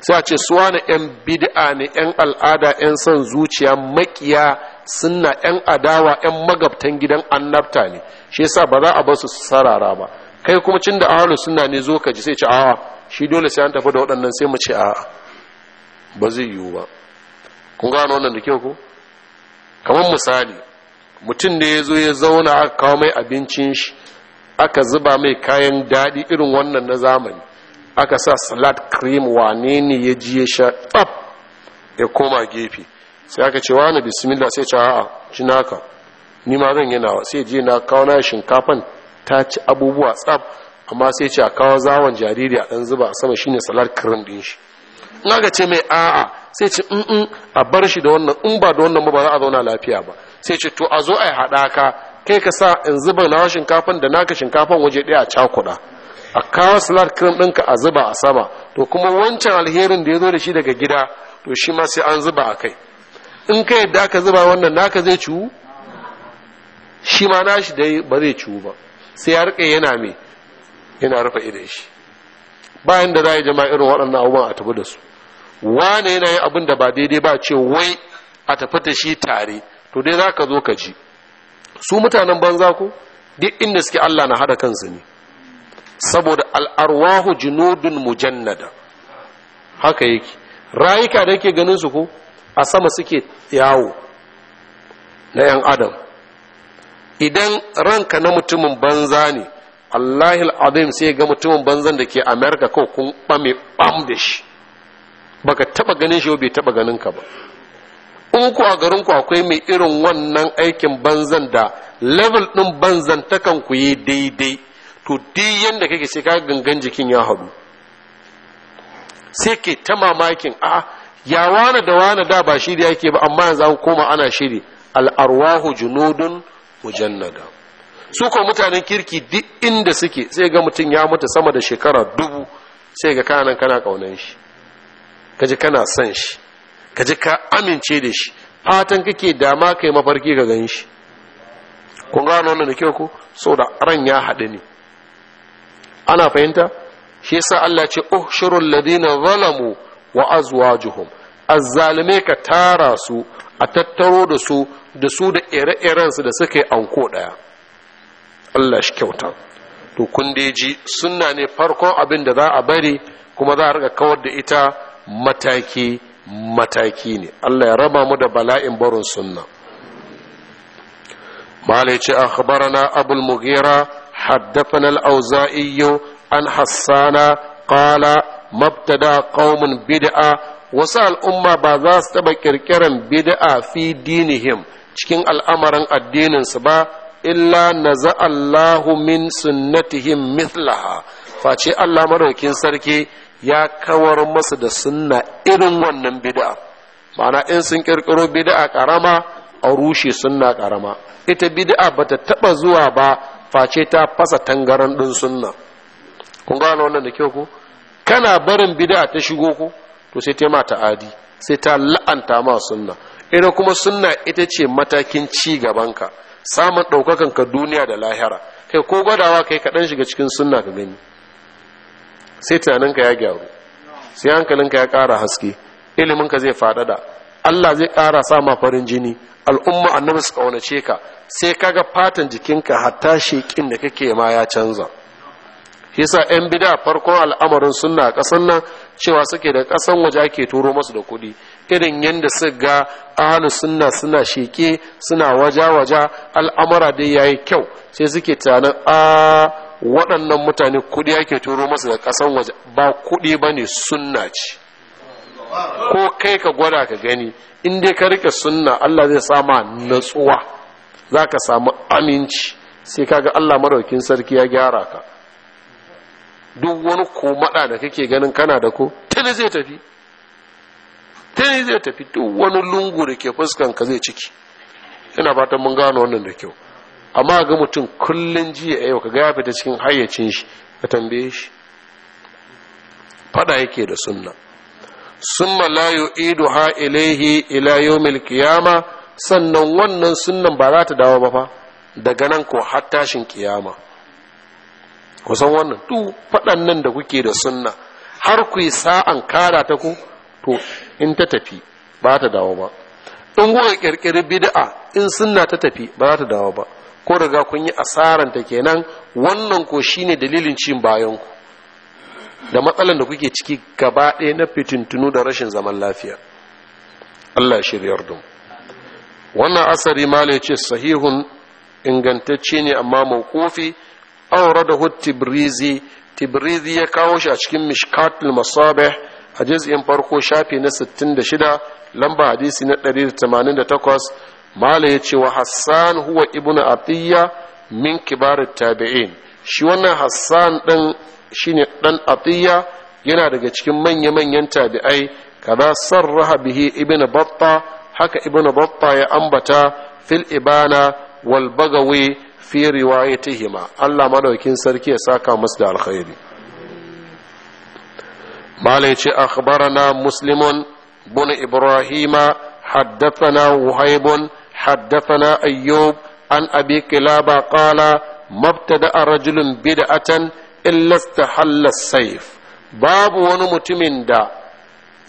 Speaker 1: sai a ce suwana yan bid'a ne yan al'ada yan son zuciya makiya sunna yan adawa yan magabtan gidan annabta ne shi yasa ba za a bar su sarara ba kai kuma cin da ahlus sunna ne zo ka ji sai ce a'a shi dole sai an tafi da waɗannan sai mu ce a'a ba zai yiwu ba kun gano wannan da kyau ko kamar misali mutum da ya zo ya zauna aka kawo mai abincin shi aka zuba mai kayan daɗi irin wannan na zamani aka sa salad cream wane ne ya ji ya sha tsab? ya koma gefe sai aka ce wani bismillah sai ce a'a ci naka ni ma zan yana sai je na kawo na shinkafan ta ci abubuwa tsab? amma sai ce a kawo zawon jariri a ɗan zuba a sama shine salad cream ɗin shi in aka ce mai a'a sai ce in mm, mm, a bar shi da wannan in ba da wannan ba za a zauna lafiya ba sai ce to a zo a yi haɗaka kai ka sa in zuba na shinkafan da naka shinkafan waje ɗaya a cakuɗa a kawo salat kirim ɗinka a zuba a sama to kuma wancan alherin da ya zo da shi daga gida to shi ma sai an zuba a kai in ka yadda aka zuba wannan naka zai ciwu shi ma nashi dai ba zai ciwu ba sai ya riƙe yana me yana rufe idan shi bayan da za a yi jama'a irin waɗannan abubuwan a tafi da su wane yana yi abin da ba daidai ba ce wai a tafi da shi tare to dai za ka zo ka ji su mutanen banza ko duk inda suke allah na hada kansu ne saboda al'arwahu jinudun mujannada haka yake rayuka da yake ganin su ko a sama suke yawo na 'yan adam idan ranka na mutumin banza ne allahil adam sai ga mutumin banzan da ke amerika ko kun ɓame ɓam da shi baka taba ganin shi bai taba ganin ka ba in ku a garin ku akwai mai irin wannan aikin banzan da level din banzan takan ku yi daidai to di yanda kake sai ka gangan jikin ya hadu sai ke ta mamakin a ya wane da wane da ba shiri yake ba amma yanzu an koma ana shiri al'arwahu junudun mujannada su ko mutanen kirki duk inda suke sai ga mutum ya mutu sama da shekara dubu sai ga kanan kana kaunan shi ka ji kana son shi ka ji ka amince da shi fatan kake dama kai mafarki ga gan shi kun gano wannan da kyau ko da ran ya haɗu ne ana fahimta shi yasa Allah ce oh uhshurul ladina zalamu wa azwajuhum azzalime ka tara su a tattaro da su da su da ire-iren su da suka yi anko daya Allah shi kyauta to kun da ji sunna ne farkon abin da za a bari kuma za a riga kawar da ita mataki mataki ne Allah ya raba mu da bala'in barin sunna malai ce na abul mugera haddathana al an hassana kala mabtada qaumun bid'a wasu al'umma ba za su taba kirkiran bid'a fi dinihim cikin al'amarin addininsu ba illa naza Allahu min sunnatihim mithlaha face Allah madaukin sarki ya kawar masa da sunna irin wannan bid'a ma'ana in sun kirkiro bid'a karama a rushe sunna karama ita bid'a bata taba zuwa ba face ta fasa tangaran din sunna kun gano wannan da kyau ko kana barin bid'a ta shigo ko to sai ta mata adi sai ta la'anta ma sunna Ina kuma sunna ita ce matakin ci gabanka samun ɗaukakan ka duniya da lahira kai ko gwadawa kai kaɗan shiga cikin sunna ka gani sai tunaninka ya gyaru sai hankalinka ya ƙara haske iliminka zai faɗaɗa allah zai ƙara sama farin jini al'umma annabi su ƙaunace ka sai kaga fatan jikinka hatta shekin da kake ma ya canza yasa yan bida farkon al'amarin suna a ƙasan nan cewa suke da kasan waje ake turo masu da kuɗi irin yadda su ga ahalu sunna suna sheke suna waja-waja al'amara dai yayi kyau sai suke tunanin a waɗannan mutane kuɗi ake turo masa da ƙasan waje ba kuɗi ba ne sunna ce ko kai ka gwada ka gani in dai ka rike sunna Allah zai sama natsuwa za ka samu aminci sai kaga Allah maraukin sarki ya gyara ka duk wani komada da kake ganin kana da ko tuni zai tafi tuni zai tafi duk wani lungu da ke fuskan ka zai ciki Yana fatan mun gano wannan da kyau amma ga mutum kullum jiya yau ka ga fita cikin hayyacin shi ka tambaye shi fada yake da sunna summa la yu'idu ha ilaihi ila yawmil qiyama sannan wannan sunnan ba za ta dawo ba fa daga nan ko har tashin kiyama kusan wannan duk faɗannan da kuke da sunna har ku yi sa'an kara ta ku to in ta tafi ba ta dawo ba in kuka kirkiri bid'a in sunna ta tafi ba za ta dawo ba ko riga kun yi asaran ta kenan wannan ko shine dalilin cin bayan ku da matsalan da kuke ciki gaba ɗaya na fitintunu da rashin zaman lafiya Allah ya shirya da wannan asari ma ce sahihun ingantacce ne amma mawqufi hud tibrizi tibrizi ya kawo shi a cikin mishkatul masabih a juz'in farko shafi na 66 lamba hadisi na 188 mala ya ce wa hassan huwa ibn atiyya min kibarar tabi'in shi wannan hassan din shine dan atiyya yana daga cikin manya-manyan tabi'ai kaza sarraha bihi ibn batta haka ibn batta ya ambata fil ibana wal bagawi fi riwayatihima Allah madaukin sarki ya saka musu da alkhairi mala ya ce akhbarana muslimun بن ibrahima حدثنا وهيب حدثنا أيوب عن أبي كلابة قال ما ابتدأ رجل بدعة إلا استحل السيف باب ونمتمن دا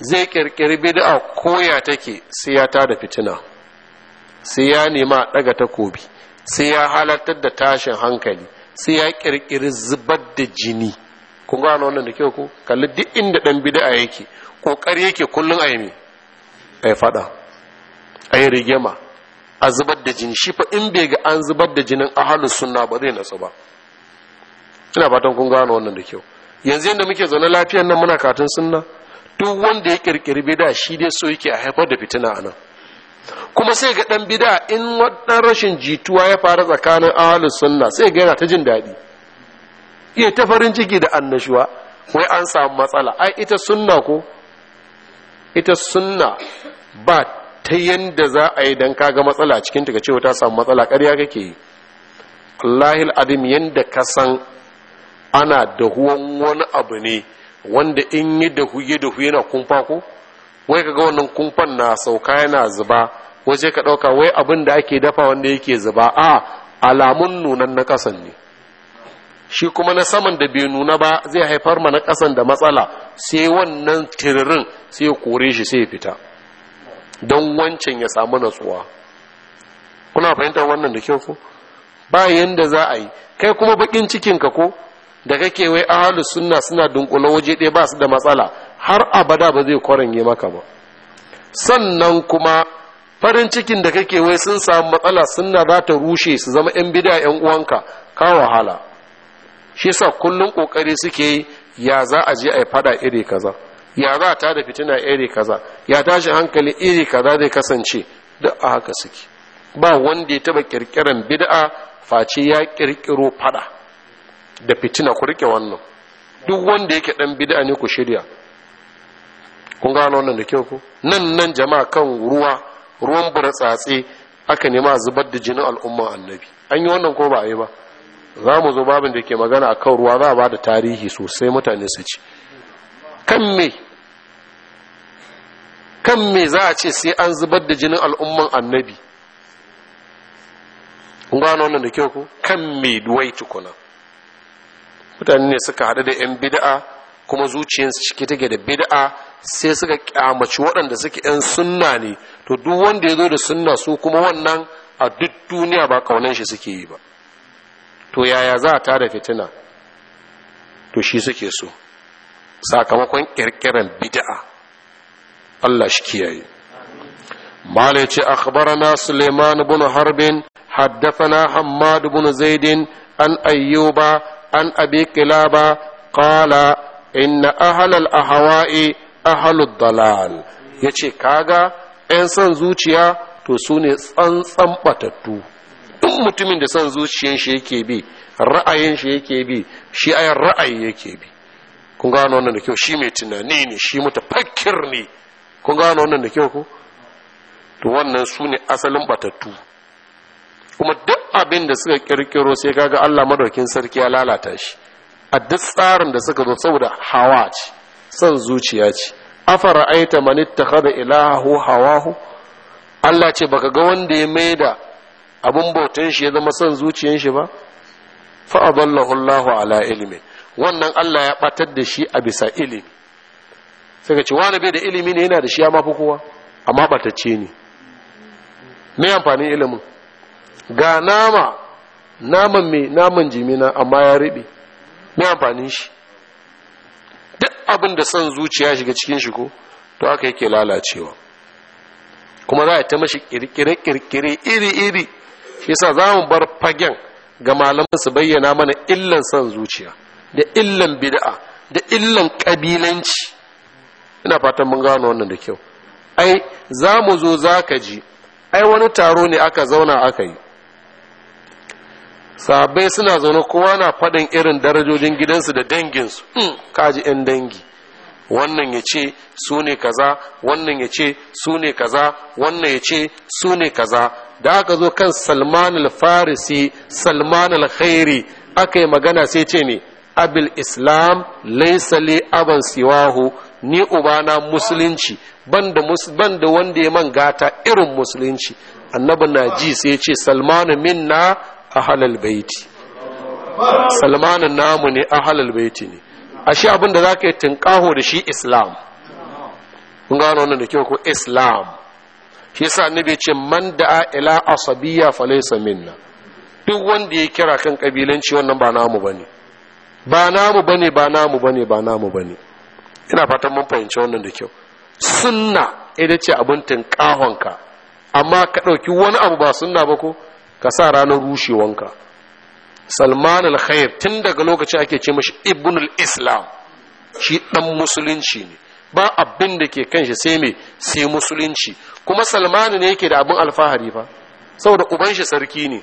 Speaker 1: zai kirkiri bid'a koya take sai ya da fitina sai ya nema ɗaga takobi sai ya halartar da tashin hankali sai ya ƙirƙiri zubar da jini kun gano wannan da kyau ko kalli duk inda dan bid'a yake kokari yake kullun a yi a yi fada a yi rigima a zubar da jini shi fa in bai ga an zubar da jinin ahalus sunna ba zai nasu ba ina fatan kun gano wannan da kyau yanzu yadda muke zaune lafiyar nan muna katin sunna duk wanda ya kirkiri bida shi dai so yake a haifar da fitina a nan kuma sai ga dan bida in wadan rashin jituwa ya fara tsakanin ahalus sunna sai ga yana ta jin daɗi iya ta farin ciki da annashuwa wai an samu matsala ai ita sunna ko ita sunna ba ta yadda za a yi don kaga matsala cikin daga cewa ta samu matsala ƙarya kake yi allahil adim yadda ka san ana dahuwan wani abu ne wanda in yi dahu ya dahu yana kumfa ko wai ka ga wannan kumfan na sauka yana zuba waje ka ɗauka wai abin da ake dafa wanda yake zuba a alamun nunan na kasan ne shi kuma na saman da bai nuna ba zai haifar ma na kasan da matsala sai wannan tiririn sai kore shi sai fita don wancan ya samu natsuwa kuna fahimtar wannan da kyau ko ba yanda za a yi kai kuma bakin cikin ka ko da kake wai ahalu sunna suna dunkula waje ɗaya ba su da matsala har abada ba zai kwaranye maka ba sannan kuma farin cikin da kake wai sun samu matsala sunna za ta rushe su zama yan bid'a yan uwanka ka wahala shi yasa kullum kokari suke ya za a je a yi fada iri kaza ya za ta da fitina iri kaza ya tashi hankali iri kaza zai kasance duk a haka suke ba wanda ya taba kirkiran bid'a face ya kirkiro fada da fitina ku rike wannan duk wanda yake dan bid'a ne ku shirya kun gano wannan da kyau ku nan nan jama'a kan ruwa ruwan burtsatse aka nema zubar da jinin al'umma annabi an yi wannan ko ba a yi ba za mu zo babin da ke magana a kan ruwa za a ba da tarihi sosai mutane su ci kan me kan me za a ce sai an zubar da jinin al'umman annabi kun gano wannan da kyau ku kan me duwai tukuna mutane ne suka haɗu da 'yan bid'a kuma zuciyarsu ciki take da bid'a sai suka kyamaci waɗanda suke 'yan sunna ne to duk wanda ya zo da sunna su kuma wannan a duk duniya ba kaunan shi suke yi ba to yaya za a tada fitina to shi suke so sakamakon kirkiran bid'a Allah shi kiyaye mala yace akhbarana Suleiman ibn Harbin haddathana Hammad ibn Zaidin an Ayyuba an Abi Kilaba qala inna ahlal ahwa'i ahlud dalal yace kaga 'yan san zuciya to su ne tsantsan batattu duk mutumin da son zuciyan shi yake bi ra'ayin shi yake bi shi ayan ra'ayi yake bi kun gano wannan da kyau shi mai tunani ne shi fakir ne kun gano wannan da kyau ko to wannan su ne asalin batattu kuma duk abin da suka kirkiro sai ka ga Allah madaukin sarki ya lalata shi a duk tsarin da suka zo saboda hawa ce son zuciya ce afara aita man ittakhadha ilahu hawahu Allah ce baka ga wanda ya maida abun bautan shi ya zama son zuciyan shi ba fa adallahu Allahu ala ilmin wannan Allah ya batar da shi a bisa ilimi sai ka ci wani bai da ilimi ne yana da shi ya mafi kowa amma batacce ne me amfanin ilimin ga nama naman mai naman jimina amma ya riɓe me amfanin shi duk abin son zuciya shiga cikin shi ko to aka yake lalacewa kuma za a ta mashi kirkire-kirkire iri-iri shi sa za mu bar fagen ga malaman su bayyana mana illan son zuciya da illan bid'a da illan kabilanci ina fatan mun gano wannan da kyau ai za mu zo za ka ji ai wani taro ne aka zauna aka yi sabai suna zaune kowa na faɗin irin darajojin gidansu da danginsu hmm, kaji 'yan dangi wannan ya ce su ne kaza wannan ya ce su ne kaza wannan ya ce su ne kaza da aka zo kan salman farisi salman al-khairi aka yi magana sai ce ne abil islam laisali li aban siwahu ni ubana musulunci banda banda wanda ya man gata irin musulunci annabi na ji sai ya ce salmanu minna ahlal baiti salmanu namu ne ahlal baiti ne ashe abinda za zaka yi tinkaho da shi islam kun gano wannan da kyau ko islam shi sa annabi ya ce man da'a ila asabiyya falaysa minna duk wanda ya kira kan kabilanci wannan ba namu bane ba namu bane ba namu bane ba namu bane ina fatan mun fahimci wannan da kyau sunna ita ce abin tinkahonka amma ka ɗauki wani abu ba sunna ba ko ka sa ranar rushewanka salman al-khair tun daga lokacin ake ce mashi ibnul islam shi ɗan musulunci ne ba abin da ke kan shi sai mai sai musulunci kuma Salman ne yake da abin alfahari fa saboda uban shi sarki ne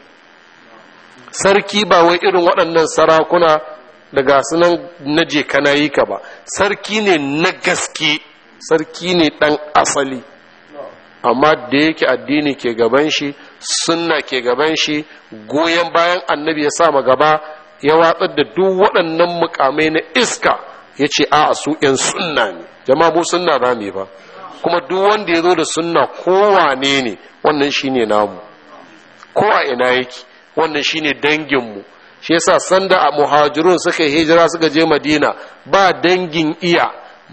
Speaker 1: sarki ba wai irin waɗannan sarakuna da ga sunan na je kana yi ka ba sarki ne na gaske sarki ne ɗan asali amma da yake addini ke gaban shi sunna ke gaban shi goyon bayan annabi ya sa ma gaba ya watsar da duk waɗannan mukamai na iska ya ce a su ‘yan sunna ne jama'a mu sunna ba ne ba kuma duk wanda ya zo da sunna kowane ne wannan shine namu ko a ina yake wannan shine danginmu shi yasa sanda a muhajirun suka hijira suka je madina ba dangin iya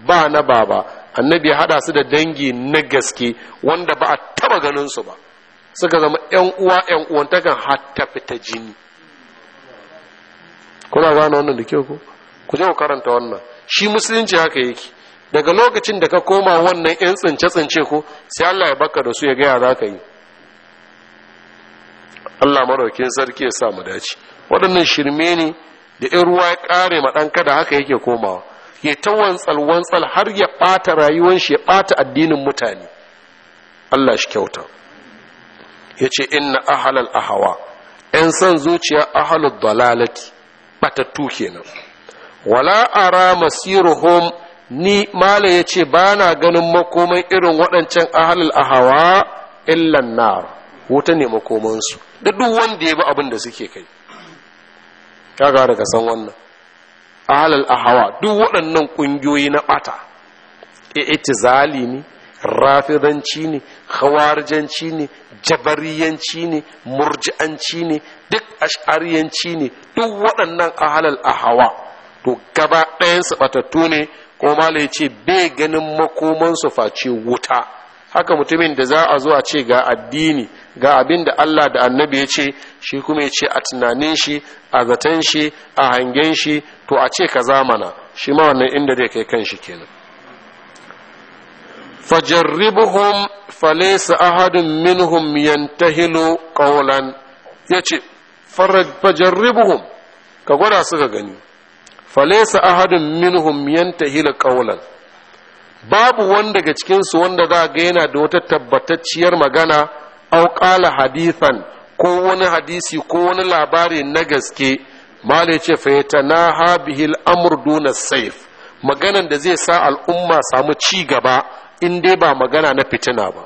Speaker 1: ba na baba annabi ya hada su da dangi na gaske wanda ba a taba ganin su ba suka zama yan uwa yan uwantakan hatta fita jini kuna gane wannan da kyau ko ku je ku karanta wannan shi musulunci haka yake daga lokacin da ka koma wannan yan tsince tsince ko sai Allah ya baka da su ya gaya za ka yi Allah maraukin sarki ya sa mu dace waɗannan shirme ne da in ruwa ya ƙare ma ɗan kada haka yake komawa ya ta wantsal wantsal har ya ɓata rayuwar shi ya ɓata addinin mutane Allah shi kyauta ya ce inna ahalal ahawa ‘yan son zuciya ahalar dalalati ɓatattu kenan wala ara masiruhum ni mala ya ce ba na ganin makoman irin waɗancan a ahawa illan nar wuta ne makomansu da duk wanda ya bi abin da suke kai kaga da ka san wannan ahalal ahawa duk waɗannan ƙungiyoyi na ɓata itizali ne rafidanci ne hawarjanci ne jabariyanci ne murji'anci ne duk ash'ariyanci ne duk waɗannan ahalal ahawa to gaba ɗayansu ɓatattu ne kuma ya ce bai ganin makomansu face wuta haka mutumin da za a zo a ce ga addini ga abin da Allah da annabi ya ce shi kuma ya ce a tunanin shi a zaton shi a hangen shi to a ce ka zamana shi ma wannan inda zai kai kan shi kenan fajarribuhum falaysa ahadun minhum yantahilu qawlan yace fajarribuhum ka gwada su ka gani falaysa ahadun minhum yantahilu qawlan babu wani daga cikinsu wanda za ga yana da wata tabbatacciyar magana auƙala hadithan ko wani hadisi ko wani labari na gaske mala ya ce fayyata na habihil amur duna saif maganan da zai sa al'umma samu ci gaba in dai ba magana na fitina ba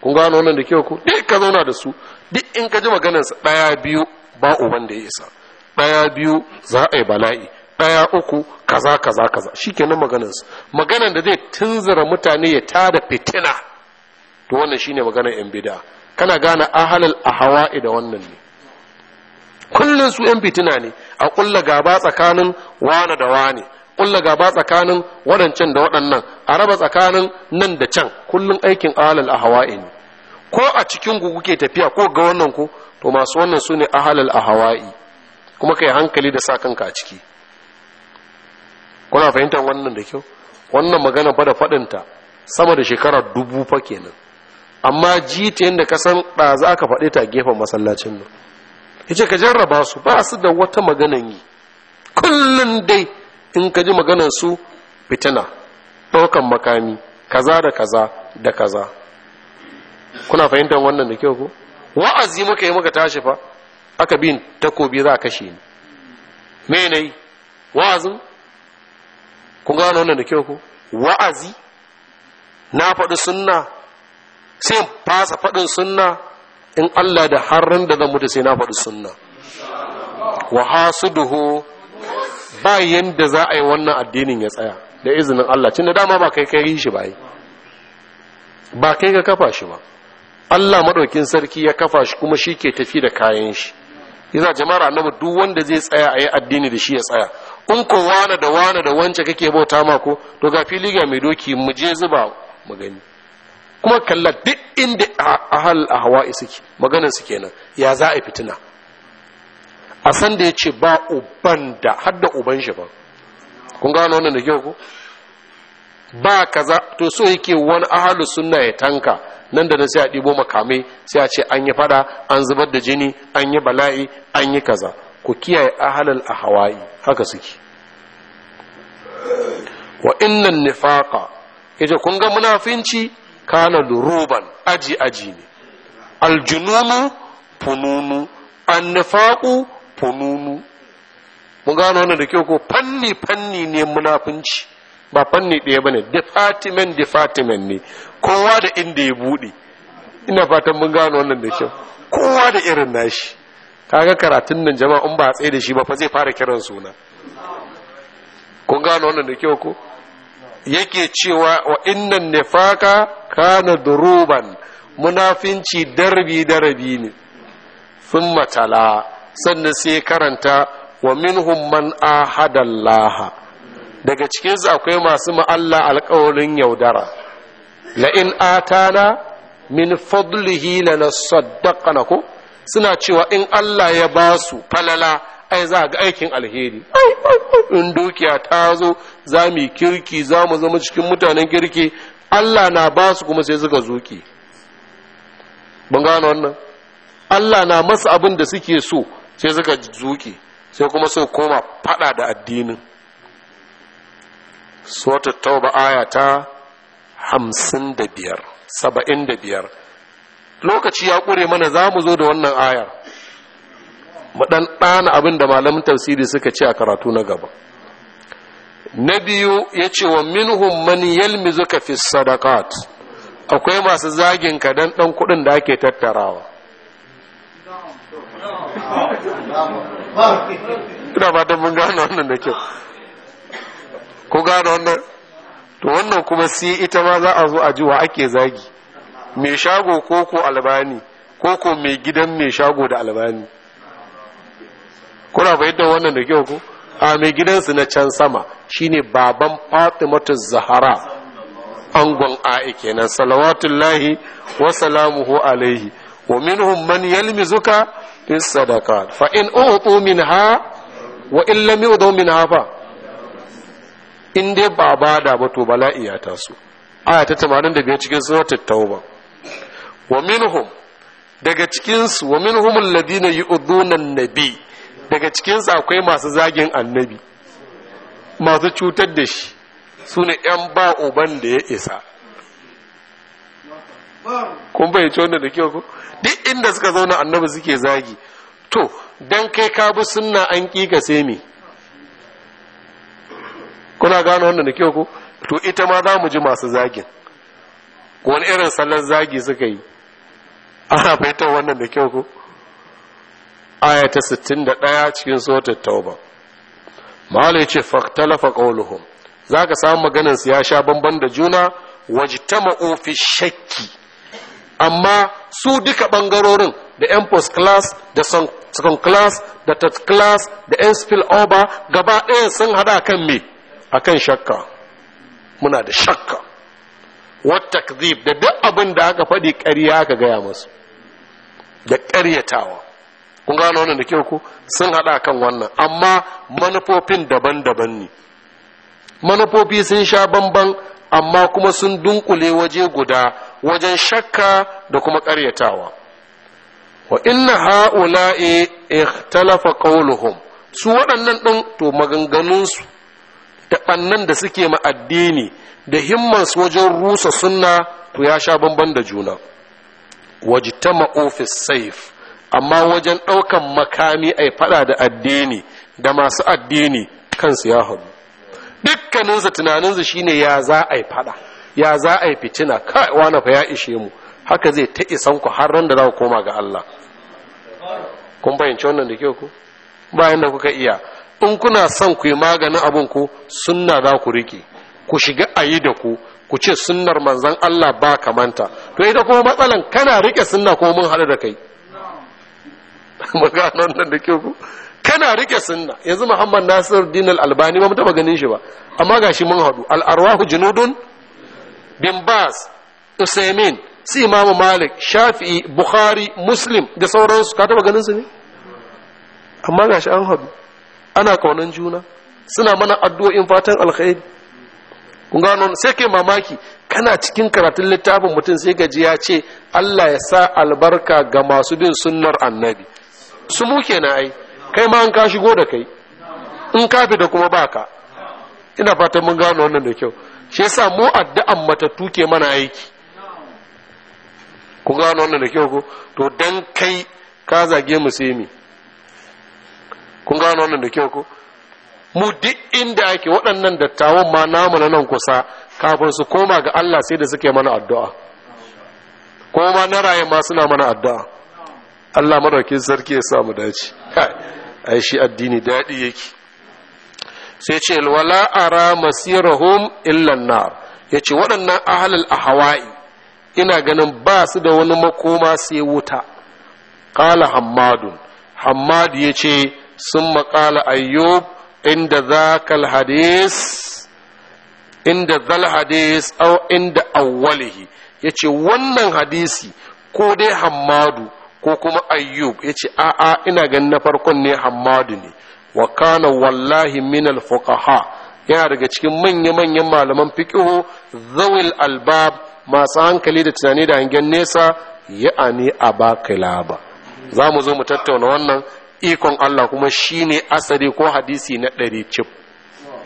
Speaker 1: kun gano wannan da kyau ku duk ka zauna da su duk in ka ji maganarsa ɗaya biyu ba uban da ya isa ɗaya biyu za a yi bala'i daya uku kaza kaza kaza shi kenan su maganar da zai tunzura mutane ya tada fitina to wannan shine maganar yan bida kana gane ahalal ahwa'i da wannan ne kullun su yan fitina ne a kulla gaba tsakanin wani da wane kulla gaba tsakanin waɗancan da waɗannan a raba tsakanin nan da can kullun aikin ahalal ahwa'i ne ko a cikin ku kuke tafiya ko ga wannan ku to masu wannan su ne ahalal ahawa'i kuma kai hankali da sa kanka a ciki kuna fahimtar wannan da kyau wannan magana fa da faɗinta sama da shekara dubu fa kenan amma jita yadda ka san za ka faɗe ta gefen masallacin nan ya ka jarraba su ba su da wata maganan yi kullum dai in ka ji maganan su fitina ɗaukan makami kaza da kaza da kaza kuna fahimtar wannan da kyau ko wa'azi muka yi muka tashi fa aka bin takobi za a kashe ni me ne wa'azin kun gano wannan da kyau ko wa'azi na faɗi sunna sai in fasa faɗin sunna in Allah da harran da zan mutu sai na faɗi sunna wa hasuduhu ba yanda za a yi wannan addinin ya tsaya da izinin Allah tunda dama ba kai kai shi ba yi. ba kai ka kafa shi ba Allah madaukin sarki ya kafa shi kuma shi ke tafi da kayan shi yana jama'ar annabi duk wanda zai tsaya a yi addini da shi ya tsaya in ko wane da wane da wance kake bauta ma ko to ga fili ga mai doki mu je zuba mu gani kuma kalla duk inda ahal ahwa'i suke maganar su kenan ya za a fitina a san da yace ba uban da hadda uban shi ba kun gano wannan da kyau ko ba kaza to so yake wani ahalu sunna ya tanka nan da nan sai a ɗibo makamai sai a ce an yi fada an zubar da jini an yi bala'i an yi kaza ku kiyaye ahalal a hawaii haka suke wa innan nifaka ita kun ga munafinci kana duruban aji aji ne aljununu fununu annifaku fununu mun gano wannan da kyau ko fanni fanni ne munafinci ba fanni ɗaya bane department department ne kowa da inda ya buɗe ina fatan mun gano wannan da kyau kowa da irin nashi kaga karatun nan jama'a in ba a tsaye da shi ba fa zai fara kiran suna kun gano wannan da kyau ko yake cewa wa innan nifaka kana duruban munafinci darbi darbi ne sun matala sannan sai karanta wa minhum man ahadallaha daga cikinsu akwai masu ma'alla alƙawarin yaudara la in atana min fadlihi lana saddaqana ko suna cewa in Allah ya ba su falala ai za ga aikin alheri in dukiya ta zo za mu kirki za mu zama cikin mutanen kirki Allah na ba su kuma sai suka zuki ban gano wannan Allah na masa abin da suke so sai suka zuki sai kuma su koma fada da addinin suratul tauba aya ta 55 biyar. lokaci ya ƙure mana za mu zo da wannan ayar mu ɗan ɗana abin da malamin tafsiri suka ce a karatu na gaba na biyu ya ce wa minhum man yalmizuka fi sadaqat akwai masu zagin ka dan ɗan kuɗin da ake tattarawa ina ba da mun gane wannan da kyau ko gane wannan to wannan kuma sai ita ma za a zo a ji wa ake zagi mai shago ko ko albani ko ko mai gidan mai shago da albani kuna fahimtar wannan da kyau ko a mai gidansu na can sama shine baban fatimatu zahara angon a'i kenan salawatullahi wa salamuhu alaihi wa minhum man yalmizuka bis sadaqat fa in utu minha wa in lam yudu minha fa in dai Baba bada ba to bala'i ya taso aya ta 85 cikin suratul tauba wa minhum daga cikinsu wa minhum alladhina yu'dhuna an-nabi daga cikinsu akwai masu zagin annabi masu cutar da shi sune yan ba uban da ya isa kun bayyace wannan da kyau ko duk inda suka zauna annabi suke zagi to dan kai ka bi sunna an kika sai kuna gano wannan da kyau ko to ita ma za mu ji masu zagin wani irin salon zagi suka yi ana fahimtar wannan da kyau ku. aya ta 61 cikin suratul tauba malai ce faktalafa qawluhum zaka samu maganar su ya sha bamban da juna wajtama'u fi shakki amma su duka bangarorin da yan post class da second class da third class da yan spill over gaba ɗaya sun hada kan me akan shakka muna da shakka Wata takzib da duk abin da aka faɗi ƙarya aka gaya masu. da ƙaryatawa kun gano wannan da kyau ko sun haɗa kan wannan amma manufofin daban-daban ne manufofi sun sha bamban amma kuma sun dunkule waje guda wajen shakka da kuma ƙaryatawa wa inna ha'ula'i ikhtalafa qawluhum su waɗannan ɗin to maganganunsu da ɓannan da suke ma addini da su wajen rusa sunna to ya sha bamban da juna wajtama ofis saif amma wajen ɗaukan makami ai fada da addini da masu addini kansu ya hagu dukkaninsu tunaninsa shine ya za a yi fada ya za a yi fitina kai wani fa ya ishe mu haka zai ta isan ku har ran da za ku koma ga Allah kun fahimci wannan da kyau ku bayan da kuka iya in kuna son ku yi maganin abin ku sunna za ku rike ku shiga ayi da ku ku ce sunnar manzan Allah ba kamanta to ita kuma matsalan kana rike sunna ko mun haɗu da kai maganan nan da ke ku kana rike sunna yanzu Muhammad Nasir Din albani ba mu ganin shi ba amma ga shi mun haɗu Al'arwahu, arwahu junudun bin Bas Usaimin si imamu Malik Shafi'i Bukhari Muslim da sauransu ka taba ganin su ne amma ga shi an haɗu ana kaunan juna suna mana addu'o'in fatan alkhairi kun gano sai kai mamaki kana cikin karatun littafin mutum sai gaji ya ce Allah ya sa albarka ga masu bin sunnar annabi su mu kenan ai kai ma an ka shigo da kai in ka da kuma baka ina fatan mun gano wannan da kyau shi yasa mu addu'an matattu ke mana aiki ku gano wannan da kyau ko to dan kai ka zage mu sai mi kun gano wannan da kyau ko mu duk inda ake waɗannan dattawan ma namu na nan kusa kafin su koma ga Allah sai da suke mana addu'a Koma na raye ma suna mana addu'a Allah maraukin sarki ya samu dace a shi addini daɗi yake sai ce wala ara masirahum illa nar ce waɗannan a Hawaii ina ganin ba su da wani makoma sai wuta kala hammadun ya ce sun maƙala ayyub inda zakal hadis inda zal hadis au inda awwalihi yace wannan hadisi ko dai hammadu ko kuma ayyub yace a a ina ganin na farkon ne hammadu ne wa kana wallahi min al fuqaha yana daga cikin manya manyan malaman fiqhu zawil albab masu hankali da tunani da hangen nesa ya'ani ba kilaba za mu zo mu tattauna wannan ikon Allah kuma shi ne asali ko hadisi na ɗari cif ko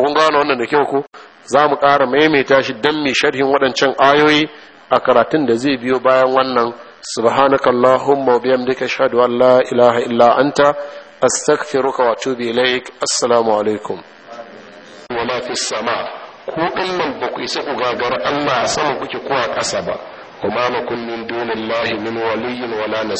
Speaker 1: kun gano wannan da kyau ko za mu ƙara maimaita shi don mai sharhin waɗancan ayoyi a karatun da zai biyo bayan wannan subhanakallahumma wa bihamdika ashhadu an la ilaha illa anta astaghfiruka wa atubu ilaik assalamu alaikum wa fi sama ko nan ba ku isa ku gagar Allah sama kuke ko a ƙasa ba kuma لكم من دون الله wala